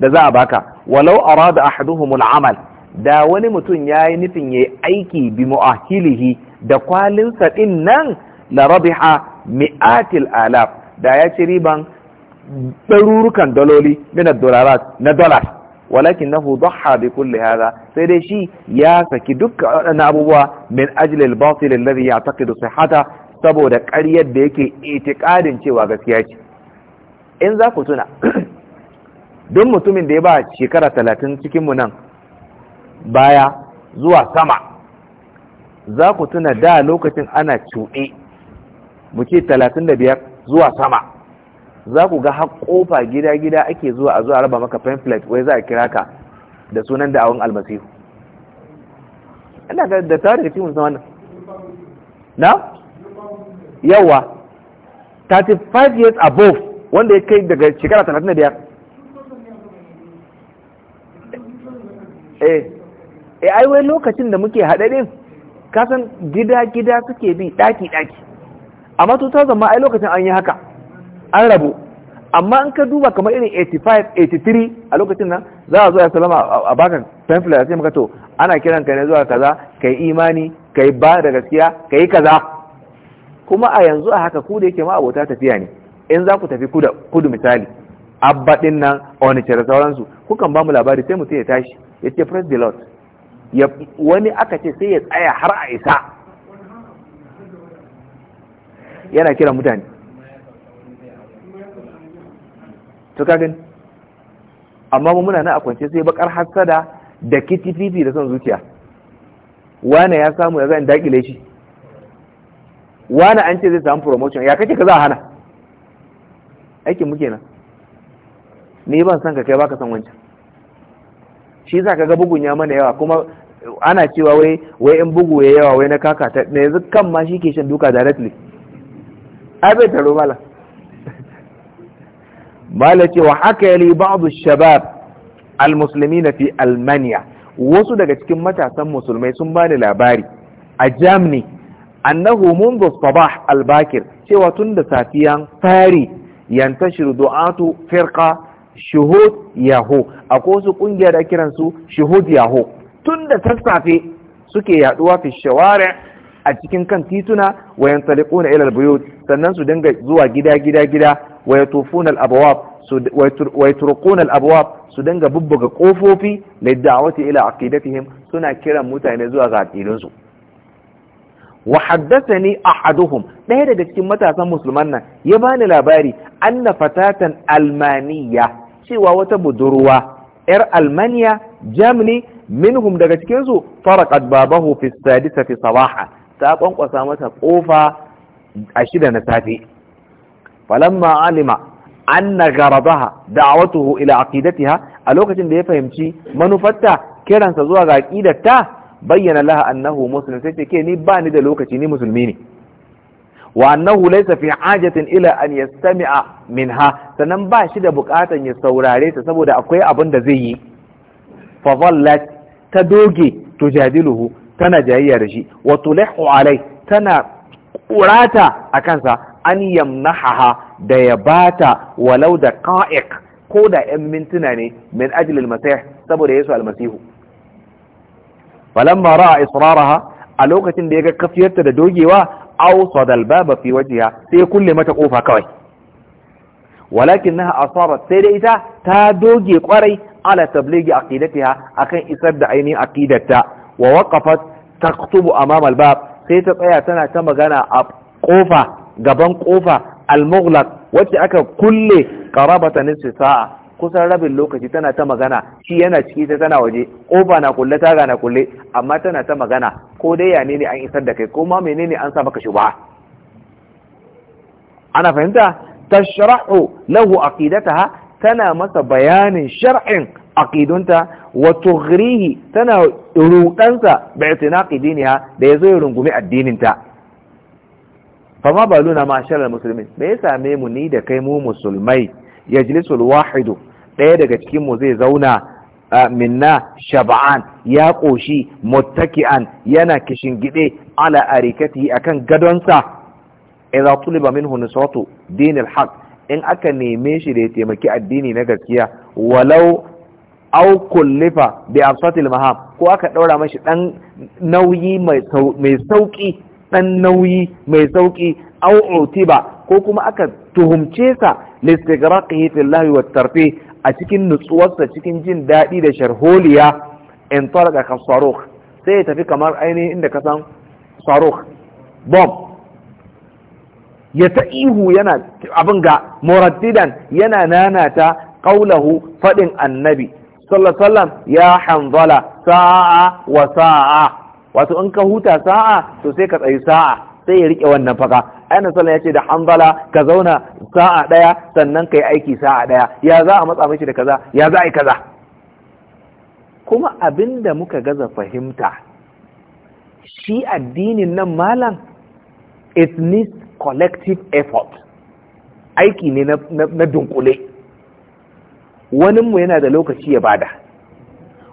da za a baka walau arada ahaduhumul amal da wani mutum ya yi nufin ya aiki bi mu'ahilihi da kwalinsa din nan la rabiha mi'atil alaf da ya ci riban ɗarurukan daloli min dolarat na dollars walakin na hudu haɗe kulle sai dai shi ya saki duka waɗannan abubuwa min ajli ya batil da sai hata saboda ƙaryar da yake itiƙadin cewa gaskiya ce in za ku tuna don mutumin da ya ba shekara talatin cikinmu nan baya zuwa sama za ku tuna da lokacin ana cuɗe mu ce talatin da biyar zuwa sama za ku ga har kofa gida-gida ake zuwa a zuwa raba maka pamphlet wai za a kira ka da sunan da'awun almasihu ina ga da tare da cikin wannan na yawa 35 years above wanda ya kai daga shekara 35 eh. eh ai wai lokacin da muke haɗarin kasan gida-gida suke bi ɗaki-ɗaki amma 2000 ma ai lokacin an yi haka an rabu amma in ka duba kamar irin 85 83 a lokacin nan za a zo ya salama a bakan pamphlet da maka to ana kiran ka ne zuwa kaza kai imani kai ba da gaskiya kai kaza kuma a yanzu a haka ku da yake ma abota tafiya ne in za ku tafi kudu misali abbaɗin nan onice da sauransu kukan ba mu labari sai mutum ya tashi ya ce press the lord wani aka ce sai ya tsaya har a isa yana kiran mutane to ka gani amma mu muna na a kwance sai bakar hassada da kitififi da son zuciya wane ya samu ya zan dakile shi wane an ce zai samu promotion ya kake ka za a hana aikin muke nan ni ban san ka kai baka san wancan shi za ka ga bugun ya mana yawa kuma ana cewa wai wai in bugu ya yawa wai na kaka ta yanzu kan ma shi ke shan duka directly abin bai taro mala ce wa haka yali ba'du shabab na fi Almaniya? wasu daga cikin matasan musulmai sun ba bani labari a germany annahu منذ sabah albakir cewa tun da safiyan fari yantashiru du'atu firqa shuhud yaho akwai wasu kungiya da kiransu shuhud yaho tun da sassafe suke yaduwa fi shawari' a cikin kan tituna wa yantaliquna ila albuyut sannan su dinga zuwa gida gida gida waya yatufuna alabwab alabwab su dinga bubbuga kofofi lid'awati ila aqidatihim suna kiran mutane zuwa ga aqidunsu wa haddathani ahaduhum ɗaya daga cikin matasan musulman nan ya bani labari anna fatatan almaniya cewa wata budurwa yar almaniya germany minhum daga cikin su faraqat babahu fi sadisa sabaha ta kwankwasa masa kofa a shida na safe falamma alima anna garabaha da'watuhu ila aqidatiha a lokacin da ya fahimci manufarta kiransa zuwa ga ta bayyana laha annahu muslim sai ke ni ba ni da lokaci ni musulmi ne wa annahu laysa fi hajatin ila an yastami'a minha sannan ba shi da bukatan ya saurare ta saboda akwai abin da zai yi fa ta doge tujadiluhu tana jayayya da shi wa tulihu alai tana kurata a kansa an yamnahaha da ya bata walau da qa'iq ko da yan mintuna ne min ajli masih saboda yesu almasihu falamma ra'a israraha a lokacin da ya ga kafiyarta da dogewa aw sadal baba fi wajhiha sai kulle mata kofa kawai walakinnaha asarat sai da ita ta doge kwarai ala tabligi aqidatiha akan isar da ainihin aqidarta wa waqafat taqtubu amam albab sai ta tsaya tana ta magana a kofa gaban kofa almughlaq wacce aka kulle qarabata nisfi sa'a kusan rabin lokaci tana ta magana shi yana ciki ta tana waje kofa na kulle taga na kulle amma tana ta magana ko dai ya ne an isar da kai ko ma menene an sa maka shubha ana fahimta tashrahu lahu aqidataha tana masa bayanin shar'in aqidunta wa tughrihi tana rudansa bai tinaqi diniha da zo ya rungumi addinin ta fa ma baluna ma sharar musulmi. me ya same mu ni da kai mu musulmai yajlisul wahidu ɗaya daga cikin mu zai zauna minna shaba'an ya ƙoshi muttaki'an yana kishin gide ala arikati akan gadonsa idza tuliba minhu nusratu dinil haqq in aka neme shi da ya taimaki addini na gaskiya walau au kullifa bi absatil maham ko aka daura mashi dan nauyi mai sauki dan nauyi mai sauki au utiba ko kuma aka tuhumce sa listigraqihi fillahi wat a cikin nutsuwarsa cikin jin daɗi da sharholiya in tarqa ka sai ya tafi kamar ainihin inda ka san sarukh bomb ya ta ihu yana abin ga muraddidan yana nanata qaulahu fadin annabi sallallahu sallam ya hanzala sa'a wa sa'a wato in ka huta sa'a to sai ka tsayi sa'a sai ya rike wannan faka ayyana sallan ya ce da hanzala ka zauna sa'a daya sannan ka yi aiki sa'a daya ya za a matsa mashi da kaza ya za a yi kaza kuma abinda muka gaza fahimta shi addinin nan malam it needs collective effort aiki ne na dunkule wani mu yana da lokaci ya bada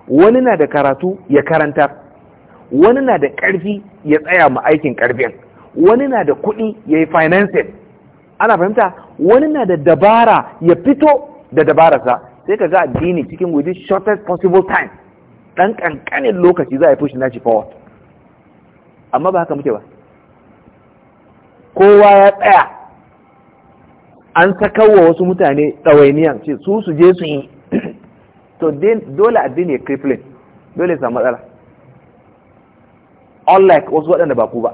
wani na da karatu ya karanta wani na da ƙarfi ya tsaya mu aikin karfin wani na da kuɗi ya yi financing ana fahimta wani na da dabara ya fito da dabararsa sai ka ga addini cikin within shortest possible time ɗan ƙanƙanin lokaci za a yi push shi forward amma ba haka muke ba kowa ya tsaya an sakawa wasu mutane ɗawainiyan ce su su je su yi to dole addini ya kriflin dole samu matsala unlike wasu waɗanda ba ku ba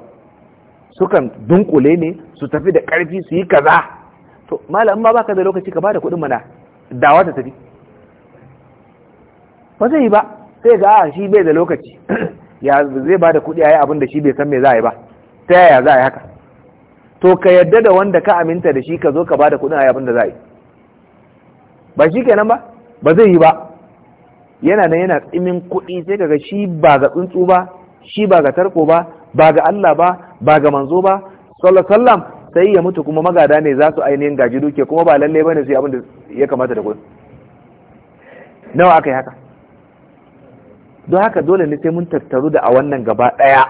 sukan dunkule ne su tafi da ƙarfi su yi kaza to malam ma baka da lokaci ka ba da kuɗin mana dawa ta tafi ba zai yi ba sai ga a ah, shi bai da lokaci ya zai ba da kuɗi a yi abin da shi bai san me za a yi ba ta yaya za a yi haka to ka yadda da wanda ka aminta da shi ka zo ka bada kuɗin a abin da za yi ba shi kenan ba ba zai yi ba yana nan yana tsimin kuɗi sai kaga shi ba ga tsuntsu ba shi ba ga tarko ba ba ga Allah ba ba ga manzo ba sallallahu sallam sai ya mutu kuma magada ne za su ainihin gaji duke kuma ba lalle bane sai abin da ya kamata da kudi nawa aka yi haka don haka dole ne sai mun tattaru da a wannan gaba ɗaya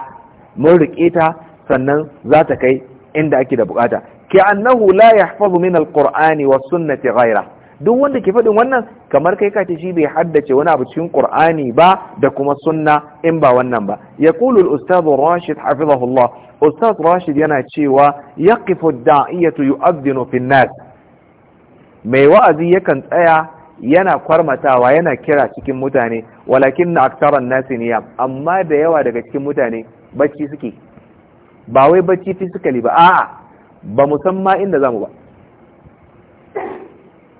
mun riƙe ta sannan za ta kai inda ake da bukata ke annahu la yahfazu min alqur'ani was sunnati ghaira duk wanda ke faɗin wannan kamar kai kace shi bai haddace wani abu cikin qur'ani ba da kuma sunna in ba wannan ba yaqulu al-ustad Rashid hafizahullah ustad Rashid yana cewa yaqifu ad-da'iyatu yu'adhdhinu fi nas mai wa'azi yakan tsaya yana kwarmatawa yana kira cikin mutane walakin na aktaran nasi niyam amma da yawa daga cikin mutane bacci suke ba wai bacci fisikali ba a'a ba mu san ma inda zamu ba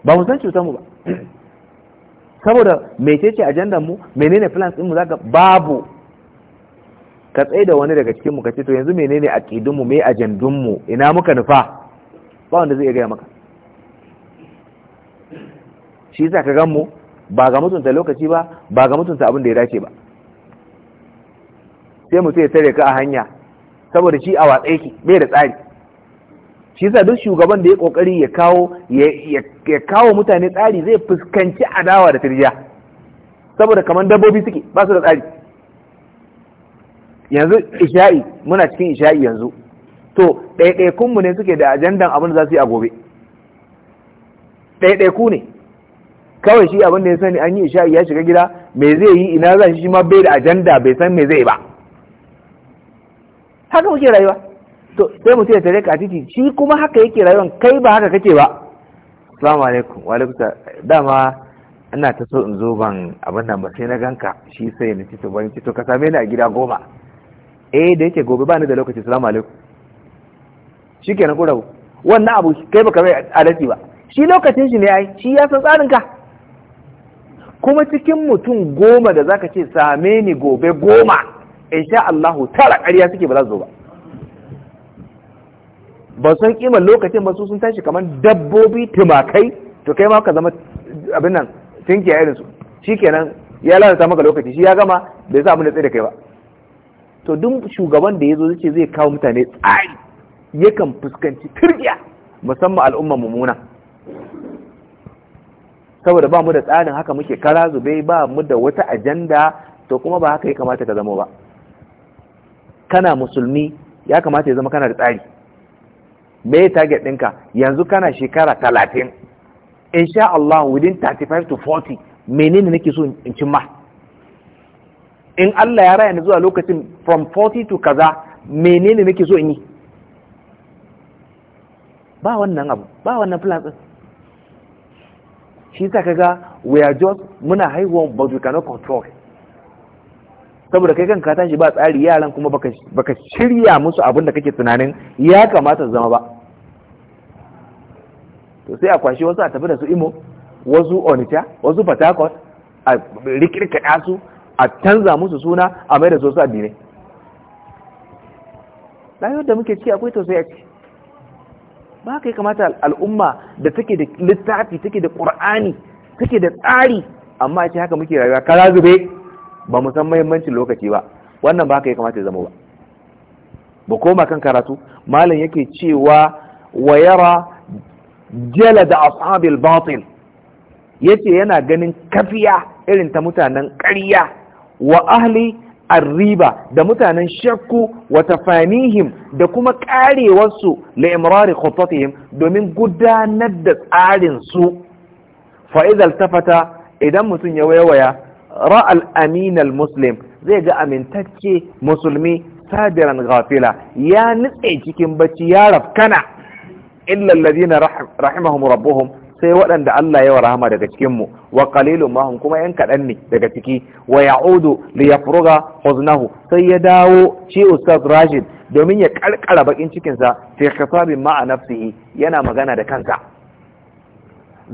ba mu san cutar mu ba saboda mecece ajandar mu menene plans din mu zaka babu ka tsaye da wani daga cikin mu ka ce to yanzu menene aqidun mu me ajandun mu ina muka nufa ba wanda zai gaya maka shi yasa ka gan mu ba ga mutunta lokaci ba ba ga mutunta abin da ya dace ba sai mutum ya tare ka a hanya saboda shi a watsa yake bai da tsari shi yasa duk shugaban da ya kokari ya kawo ya kawo mutane tsari zai fuskanci adawa da tirjiya saboda kamar dabbobi suke ba su da tsari yanzu isha'i muna cikin isha'i yanzu to mu ne suke da ajandan abin da za su yi a gobe ɗaiɗaiku ne kawai shi abin da ya sani an yi isha'i ya shiga gida me zai yi ina za shi ma bai da ajanda bai san me zai ba haka muke rayuwa to sai mutum ya tare ka titi shi kuma haka yake rayuwan kai ba haka kake ba assalamu alaikum wa alaikum dama ina ta so in zo ban abin nan ba sai na ganka shi sai na cito ban cito ka same ni a gida goma eh da yake gobe ba ni da lokaci assalamu alaikum shikenan ko rabu wannan abu kai baka a adalci ba shi lokacin shi ne ai shi ya san tsarin ka kuma cikin mutum goma da zaka ce same ni gobe goma In sha Allah tara ƙarya suke ba za su zo ba ba san kimar lokacin ba su sun tashi kamar dabbobi tumakai to kai ma ka zama abin nan tinki a irinsu shikenan ya lalata maka lokaci shi ya gama bai sa abin da tsaye da kai ba to duk shugaban da ya zo zai zai kawo mutane tsari yakan fuskanci turkiya musamman al'umma mummuna saboda ba mu da tsarin haka muke kara zube ba mu da wata ajanda to kuma ba haka ya kamata ka zama ba kana musulmi ya kamata ya zama kana da tsari me target ɗinka yanzu kana shekara talatin insha Allah within 35 to 40 menene nake so in cimma in Allah ya raya ni zuwa lokacin from 40 to kaza menene nake so in yi ba wannan abu ba wannan plan din shi ta kaga we are just muna haihuwa but we cannot control saboda kai kanka tashi ba tsari yaran kuma baka shirya musu abin da kake tunanin ya kamata zama ba to sai a kwashi wasu a tafi da su imo wasu onita wasu fatakot a rikirka su a canza musu suna a mai da su addinai rayuwar da muke ci akwai sai a ci ba ka kamata al'umma da take da littafi take da ƙur'ani take da tsari amma a ce haka muke rayuwa kara zube ba mu san mahimmancin lokaci ba wannan ba ka yi kamata ya zama ba ba koma kan karatu malam yake cewa wa yara jala da ashabil batil yace yana ganin kafiya irin ta mutanen ƙarya wa ahli arriba da mutanen shakku wa tafanihim da kuma karewarsu la imrari domin gudanar da tsarin su fa idan mutum ya wayawaya ra'al aminal muslim zai ga amintacce musulmi sabiran gafila ya nutse cikin bacci ya rafkana illa alladhina rahimahum rabbuhum sai waɗanda Allah ya wa rahama daga cikin mu wa qalilun mahum kuma yan kaɗan ne daga ciki wa ya'udu li yafruga huznahu sai ya dawo shi ustaz Rashid domin ya karkara bakin cikin sa fi khitabin ma'a nafsihi yana magana da kansa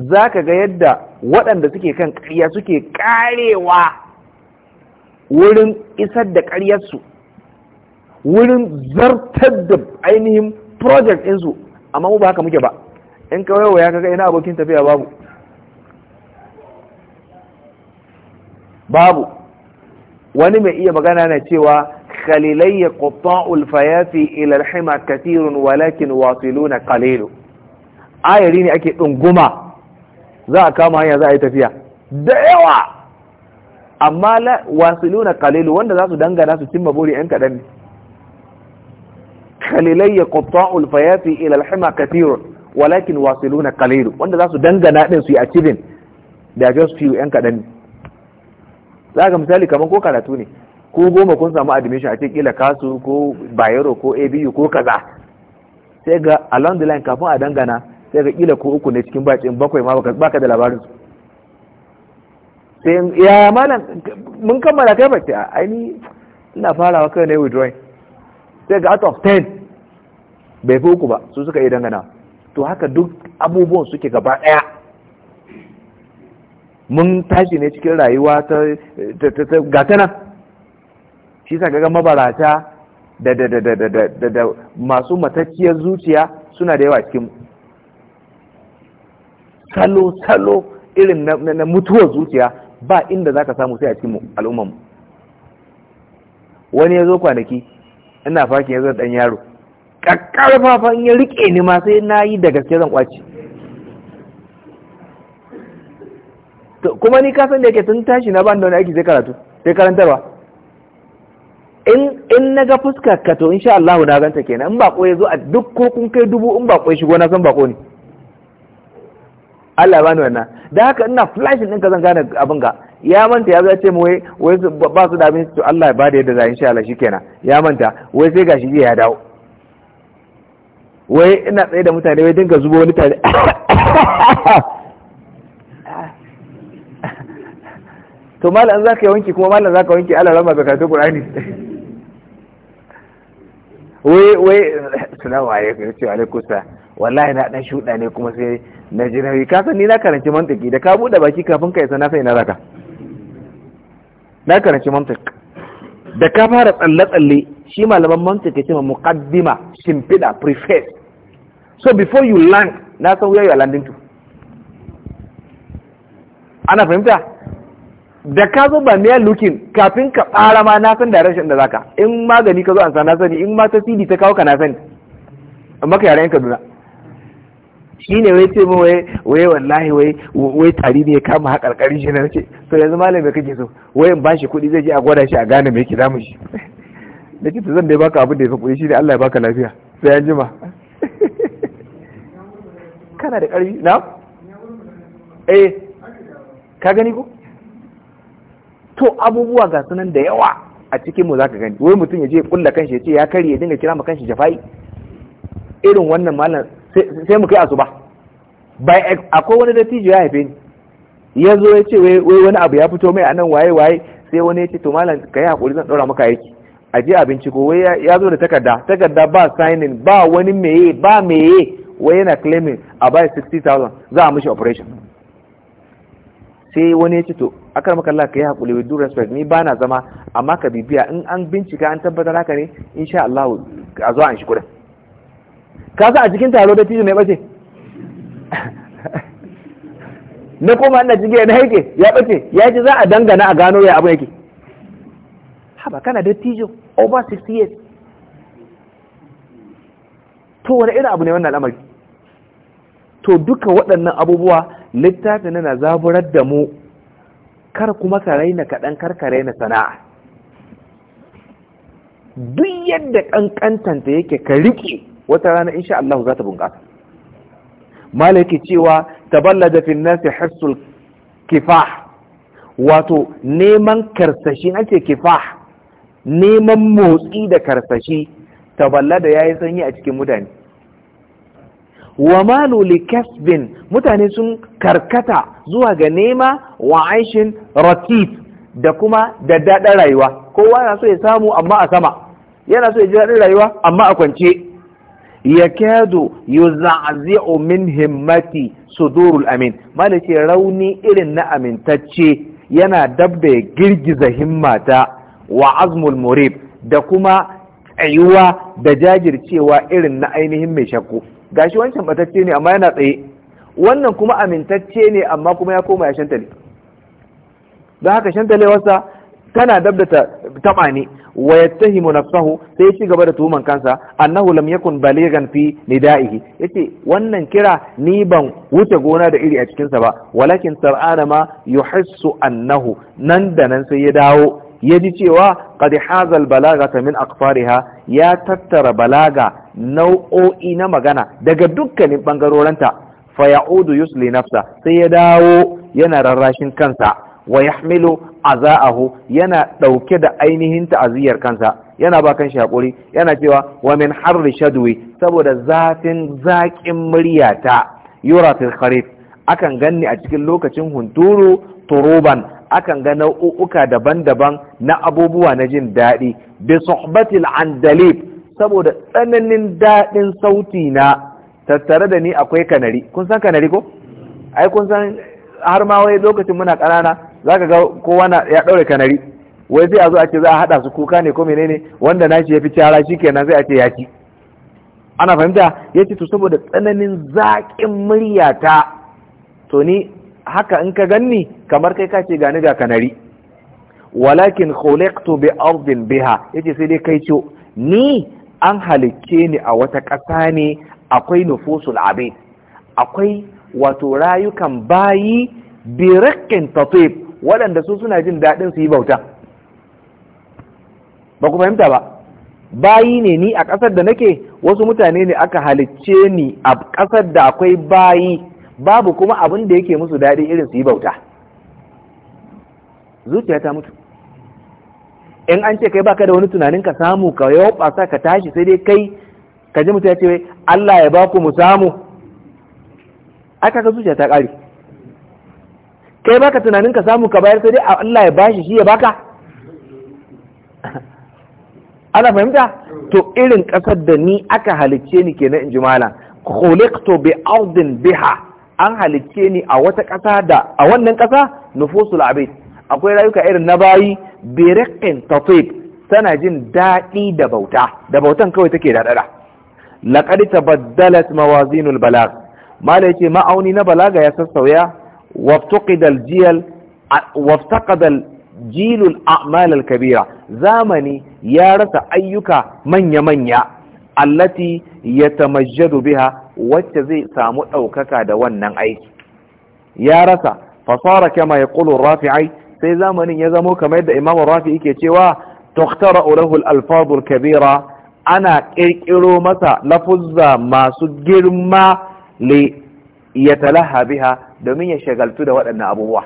za ka ga yadda waɗanda suke kan ƙarya suke ƙarewa wurin isar da ƙaryarsu wurin zartar da ainihin project ɗinsu amma mu ba haka muke ba in kawai ya kaga ina abokin tafiya babu babu wani mai iya magana na cewa khalilai ya ulfayafi ilar hima katirun walakin wasiluna kalilu ayari ne ake ɗunguma za a kama hanya za a yi tafiya da yawa amma la wasiluna qalilu wanda za su dangana su cimma buri yan kadan ne kalilai ya qatta'ul fayati ila al-hima walakin wasiluna qalilu wanda za su dangana din su yi achieving da just few yan kadan ne za ga misali kaman ko karatu ne ko goma kun samu admission a cikin kila kasu ko bayero ko abu ko kaza sai ga along the line kafin a dangana sai ga kila ko uku ne cikin bakin bakwai ma baka da labarin su sai ya malam mun kammala kai bace a ni ina farawa kai ne withdrawing sai ga out of 10 bai fi uku ba su suka yi dangana to haka duk abubuwan suke gaba daya mun tashi ne cikin rayuwa ta tana shi sa ga mabarata da masu matacciyar zuciya suna da yawa cikin salo-salo irin na mutuwar zuciya ba inda za ka samu sai a cikin al'ummanmu wani ya zo kwanaki ina fakin ya zo ɗan yaro ƙaƙƙar fafan ya riƙe ni ma sai na yi da gaske zan ƙwace kuma ni kasan da yake tun tashi na ban da wani aiki sai karatu sai karantarwa in na ga fuska kato to insha Allah na ganta kenan in bako ya zo a duk kai dubu in bako ya shigo na san bako ne Allah bani wannan da haka ina flashing ɗinka zan gane abin ga ya manta ya zace mu wai wai ba su da abin to Allah ya bada yadda za insha Allah shikenan ya manta wai sai gashi ya dawo wai ina tsaye da mutane wai dinga zubo wani tare to malam zaka yi wanki kuma malam zaka wanki Allah rama zakatu Qur'ani wai wai assalamu alaikum wa alaikum salam wallahi na dan shuda ne kuma sai na jinawi ka san ni na karanci mantiki da ka bude baki kafin ka isa na sai na raka na karanci mantiki da ka fara tsalle tsalle shi malaman mantiki ce ma muqaddima shimfida preface so before you land na san where you are landing to ana fahimta da ka zo ba mere looking kafin ka fara ma na san direction da zaka in magani ka zo an sa na sani in ma ta CD ta kawo ka na sani amma ka yaren duna shi ne wai ce mawai wai wallahi wai wai tari ne kama kama haƙarƙari shi na ce to yanzu malam ya kake so wai in bashi kuɗi zai je a gwada shi a gane me yake mu shi na ce zan zan dai baka abin da ya fi kuɗi shi ne Allah ya baka lafiya sai an jima kana da ƙarfi na eh ka gani ko to abubuwa ga sunan da yawa a cikin mu zaka gani wai mutum ya je kulla kanshi ya ce ya kare ya dinga kira ma kanshi jafai irin wannan malam sai mu kai asuba bai akwai wani dattijo ya haife ni ya zo ya ce wai wani abu ya fito mai a nan waye waye sai wani ya ce to malam ka yi hakuri zan ɗora maka aiki a je abinci ko wai ya zo da takarda takarda ba signing ba wani meye ba meye wai yana claiming a bai 60,000 za a mishi operation sai wani ya ce to akar makalla ka yi hakuri with due respect ni bana zama amma ka bibiya in an bincika an tabbatar haka ne insha Allah a zo an shi kudin ka sa a cikin taro da tijin mai bace na koma ina cikin na haike ya bace ya ce za a dangana a gano ya abu yake haba kana da tijo over 60 years to wani irin abu ne wannan al'amari to duka waɗannan abubuwa littafin na zaburar da mu kar kuma ka raina kaɗan kar ka raina sana'a duk yadda ƙanƙantanta yake ka riƙe wata rana insha Allah za ta bunƙasa malaki cewa taballada fi nasi hisul kifah wato neman karsashi ake kifah neman motsi da karsashi taballada yayi sanyi a cikin mutane wa malu li kasbin mutane sun karkata zuwa ga nema wa aishin ratif da kuma da daɗin rayuwa kowa na so ya samu amma a sama yana so ya ji daɗin rayuwa amma a kwance yakadu yuza'zi'u min himmati sudurul amin ce rauni irin na amintacce yana dab da girgiza himmata wa azmul murib da kuma tsayuwa da jajircewa irin na ainihin mai shakku gashi wancan batacce ne amma yana tsaye wannan kuma amintacce ne amma kuma ya koma ya shantale don haka shantalewarsa tana dab da taɓa ne wa yattahimu nafsahu sai ci gaba da tuhuman kansa annahu lam yakun balighan fi nida'ihi yace wannan kira ni ban wuce gona da iri a cikin sa ba walakin sar'ana ma yuhissu annahu nan da nan sai ya dawo ya ji cewa qad hazal balagata min aqfariha ya tattara balaga nau'o'i na magana daga dukkanin bangarorinta fa ya'udu yusli nafsa sai ya dawo yana rarrashin kansa wa yahmilu azaahu yana dauke da ainihin ta'aziyar kansa yana ba kan hakuri yana cewa wa min harri shadwi saboda zafin zaƙin muryata yura fil kharif akan ganni a cikin lokacin hunturu turuban akan ga nau'uka daban-daban na abubuwa na jin daɗi bi suhbatil andalib saboda tsananin daɗin sauti na tattare da ni akwai kanari kun san kanari ko ai kun san har ma wai lokacin muna ƙanana zaka ga kowa na ya ɗaure kanari wai zai a zo a ce za a haɗa su kuka ne ko menene wanda na shi ya fi cara kenan zai a ce ya ci ana fahimta ya ce to saboda tsananin zaƙin muryata to ni haka in ka ganni kamar kai ka ce gani ga kanari walakin khulaqtu bi ardin biha yace sai dai kai ce ni an halicce ni a wata ƙasa ne akwai nufusul abid akwai wato rayukan bayi birakin tatib waɗanda su suna jin daɗin su yi bauta ba ku fahimta ba bayi ne ni a ƙasar da nake wasu mutane ne aka halicce ni a ƙasar da akwai bayi babu kuma abin da yake musu daɗi irin su yi bauta zuciya ta mutu in an ce kai baka da wani tunanin ka samu ka yau ɓasa ka tashi sai dai kai ka ji mutu ya ce Allah ya baku mu samu aka ka zuciya ta ƙare kai baka tunanin ka samu ka bayar sai dai Allah ya bashi shi ya baka ana fahimta to irin kasar da ni aka halicce ni kenan in ji malam khuliqtu bi ardin biha an halicce ni a wata kasa da a wannan ƙasa nufusul abid akwai rayuka irin na bayi biriqin tatib tana jin daɗi da bauta da bautan kawai take da daɗaɗa laqad tabaddalat mawazinul balagh malai ce ma'auni na balaga ya sassauya وافتقد الجيل وافتقد الجيل الأعمال الكبيرة زامني يارس أيك من يمن التي يتمجد بها وتزي سامو أوكك دوانا أي يارس فصار كما يقول الرافعي sai zamanin ya zama kamar yadda imamu rafi yake cewa tuktara ulahul alfazul kabira ana kirkiro masa lafuzza masu girma li ya biha domin ya shagaltu da waɗannan abubuwa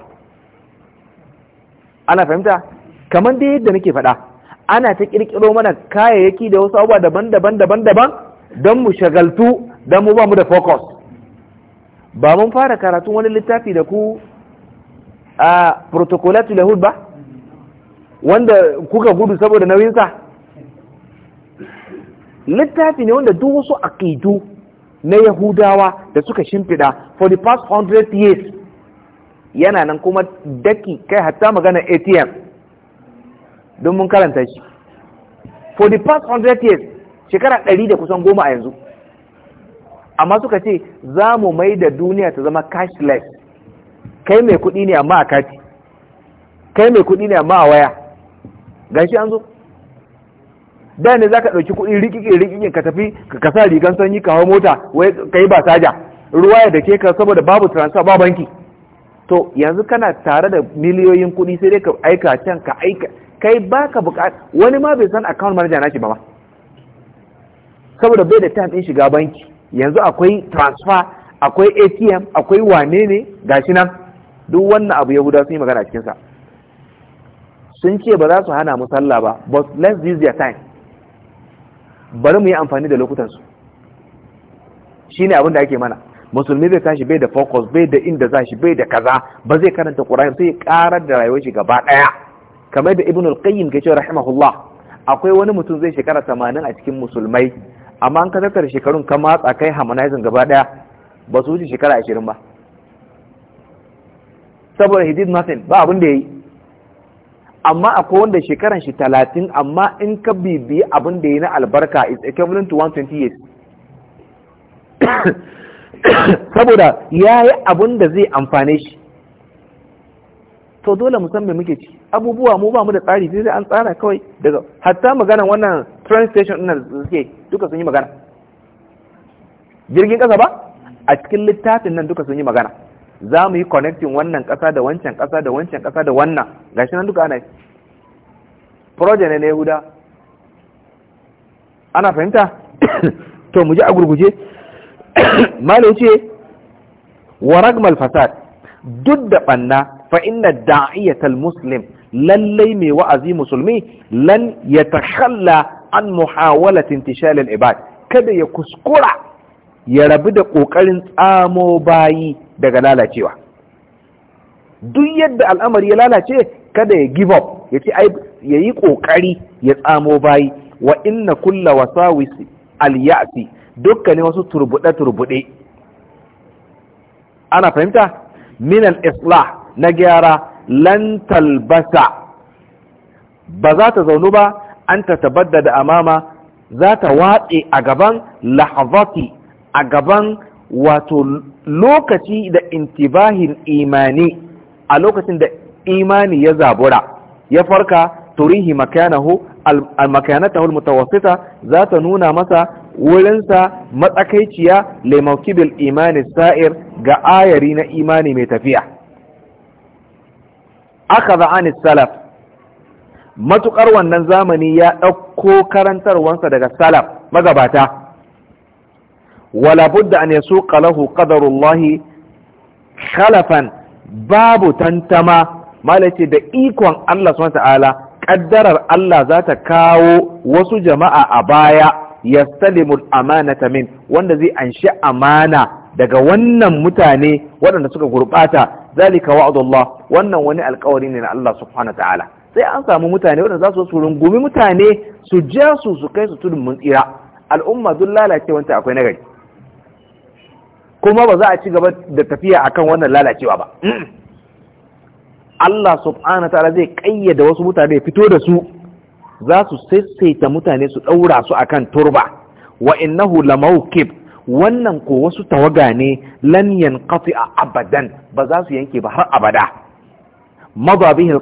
ana fahimta kamar dai yadda nake faɗa ana ta ƙirƙiro mana kayayyaki da wasu abubuwa daban-daban daban-daban don mu shagaltu don mu ba mu da focus ba mun fara karatun wani littafi da ku a protocolatu lahud ba wanda kuka gudu saboda nauyinsa littafi ne wanda duk wasu aƙidu na yahudawa da suka shimfiɗa for the past 100 years yana nan kuma daki kai hatta magana atm don mun karanta shi for the past 100 years shekara ɗari da kusan goma a yanzu amma suka ce za mu mai da duniya ta zama cashless kai mai kuɗi ne amma a kati kai mai kuɗi ne amma a waya gashi an zo da ne ka ɗauki kuɗi rikikin rikikin ka tafi ka sa rigan sanyi ka hau mota wai kai ba saja ruwa ya dake ka saboda babu transfer ba banki to yanzu kana tare da miliyoyin kuɗi sai dai ka aika can ka aika kai baka buƙata wani ma bai san account manager naki ba ba saboda bai da time ɗin shiga banki yanzu akwai transfer akwai ATM akwai wane ne gashi nan duk wannan abu Yahuda sun yi magana cikinsa. sun ce ba za su hana mu sallah ba but let's use their time bari mu yi amfani da lokutansu shi ne abin da ake mana musulmi zai tashi bai da focus bai da inda za shi bai da kaza ba zai karanta ƙura'in sai karar da rayuwar shi gaba ɗaya kamar da ibn al-qayyim ke cewa rahimahullah akwai wani mutum zai shekara samanin a cikin musulmai amma an ka tattara shekarun kama matsa kai harmonizing gaba ɗaya ba su wuce shekara ashirin ba saboda he did nothing ba abin da ya yi amma akwai wanda shekaran shi talatin amma in ka bibi abin da ya na albarka is equivalent to 120 years saboda ya yi abin da zai amfane shi to dole musamman muke ci abubuwa mu ba mu da tsari sai an tsara kawai daga hatta magana wannan train station ɗin da suke duka sun yi magana jirgin ƙasa ba a cikin littafin nan duka sun yi magana za mu yi connecting wannan ƙasa da wancan ƙasa da wancan ƙasa da wannan shi nan duka ana yi proje ne yahuda ana fahimta to mu ji a gurguje malo ce wa ragmal fasad duk da banna fa inna da'iyatal muslim lallai mai wa'azi musulmi lan ya an muhawalatin tishalil ibad kada ya kuskura ya rabu da ƙoƙarin tsamo bayi daga lalacewa duk yadda al'amari ya lalace kada ya give up ya ce ya yi ƙoƙari ya tsamo bayi wa inna kulla wasawisi al-ya'si dukkanin wasu turbuɗe-turbuɗe ana fahimta min al-islah na gyara lan talbasa ba za ta zaunu ba an ta da amama za ta watse a gaban lahazati a gaban wato lokaci da intibahin imani a lokacin da imani ya zabura ya farka turihi makanahu al-makanatahu al-mutawassita za ta nuna masa wurin sa matsakaiciya limaukibil imani sa'ir ga ayari na imani mai tafiya aka anis salaf matukar wannan zamani ya ɗauko karantarwansa daga salaf magabata wala budda an yasuqa lahu ƙadarullahi, kalafan babu tantama malace da ikon Allah الله سبحانه وتعالى Allah za ta kawo wasu jama'a a baya yastalimu amanata min wanda zai anshi amana daga wannan mutane waɗanda suka gurɓata zalika wa'adullah wannan wani alƙawari ne na Allah subhanahu ta'ala sai an samu mutane waɗanda za su rungumi mutane su ja su su kai su tudun mun tsira al'umma duk lalacewanta akwai nagari kuma ba za a ci gaba da tafiya akan wannan lalacewa ba Allah subhanahu ta'ala zai kayyada wasu mutane fito da su za su saisaita mutane su ɗaura su akan turba wa innahu lamawqib wannan ko wasu tawaga ne lan a abadan ba za su yanke ba har abada madha bihi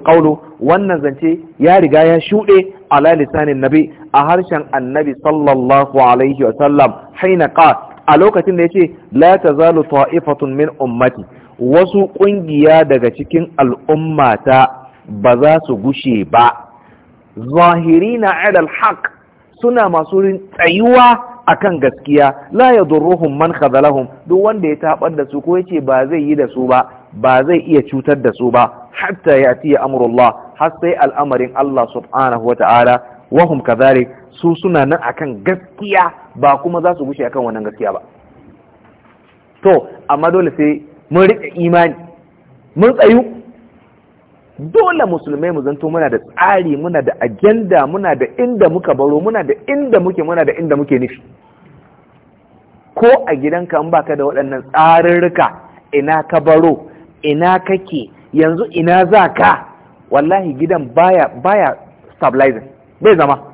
wannan zance ya riga ya shuɗe ala lisanin nabi a harshen annabi sallallahu alaihi wa sallam haina qala a lokacin da ce, la tazalu ta'ifatun min ummati wasu kungiya daga cikin al'ummata ba za su gushe ba Zahiri na al-haq suna masu rin tsayuwa akan gaskiya la yadurruhum man khadalahum duk wanda ya tabar da su ko yace ba zai yi da su ba ba zai iya cutar da su ba hatta ya'ti amrullah har sai al'amarin Allah subhanahu wa ta'ala wahum kadhalik su suna nan akan gaskiya ba kuma za su gushe akan wannan gaskiya ba to amma dole sai mun riƙe imani mun tsayu dole musulmai mu zanto muna da tsari muna da agenda muna da inda muka baro muna da inda muke muna da inda muke nufi ko a gidan gidanka in ka da waɗannan tsarurruka ina ka baro ina kake yanzu ina za ka wallahi gidan baya baya stabilizing bai zama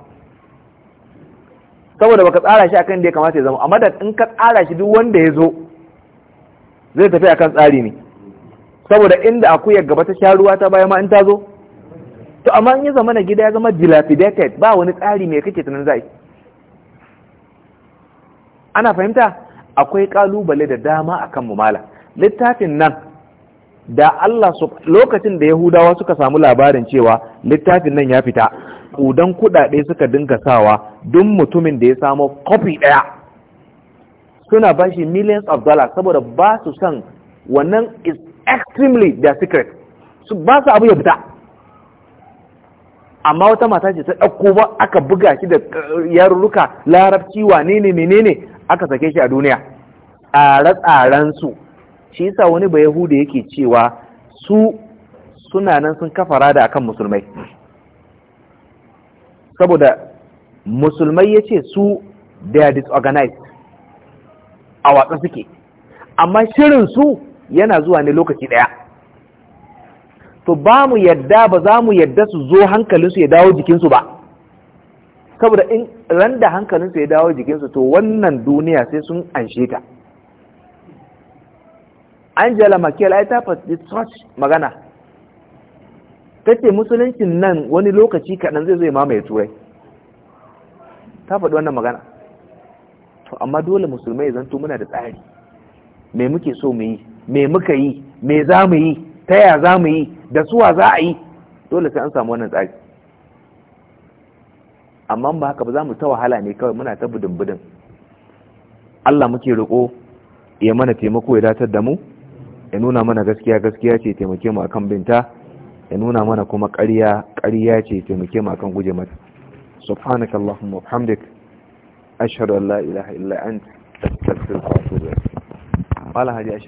saboda baka tsara shi akan da ya kamata ya zama amma da in ka tsara shi duk wanda ya zo zai tafi akan tsari ne saboda inda akuyar gaba ta sha ruwa ta baya ma in ta zo to amma in ya zama na gida ya zama dilapidated ba wani tsari mai kake tunan zai ana fahimta akwai kalubale da dama akan mu mala littafin nan da Allah lokacin da Yahudawa suka samu labarin cewa littafin nan ya fita kudan kuɗaɗe suka dinga sawa duk mutumin da ya samo kofi ɗaya suna ba shi millions of dollars saboda ba su son wannan is extremely their secret su ba su abu ya fita amma wata mata ce ta ɗauko ba aka buga shi da eh, yarurruka larabci wane ne menene aka sake shi a duniya tsare-tsarensu shi yasa wani ba yahuda yake cewa su suna nan sun kafara da akan musulmai saboda musulmai ya ce su they are disorganized a watsa suke amma shirin su yana zuwa ne lokaci ɗaya to ba mu yadda ba za mu yadda su zo hankalinsu ya dawo jikinsu ba saboda in ran da hankalinsu ya dawo jikinsu to wannan duniya sai sun anshe ta angela makel ai ta faɗi magana tace musuluncin nan wani lokaci kaɗan zai zai mamaye turai ta faɗi wannan magana to amma dole musulmai zanto muna da tsari me muke so mu yi me muka yi me za mu yi ta ya za mu yi da suwa za a yi dole sai an samu wannan tsari amma ba haka ba za mu ta wahala ne kawai muna ta budin-budin Allah muke roƙo ya mana taimako ya datar da mu ya nuna mana gaskiya gaskiya ce taimake mu akan binta ya nuna mana kuma ƙarya ƙarya ce taimake mu akan guje mata subhanaka allahumma wa bihamdik ashhadu an la ilaha illa anta astaghfiruka wa atubu ilayk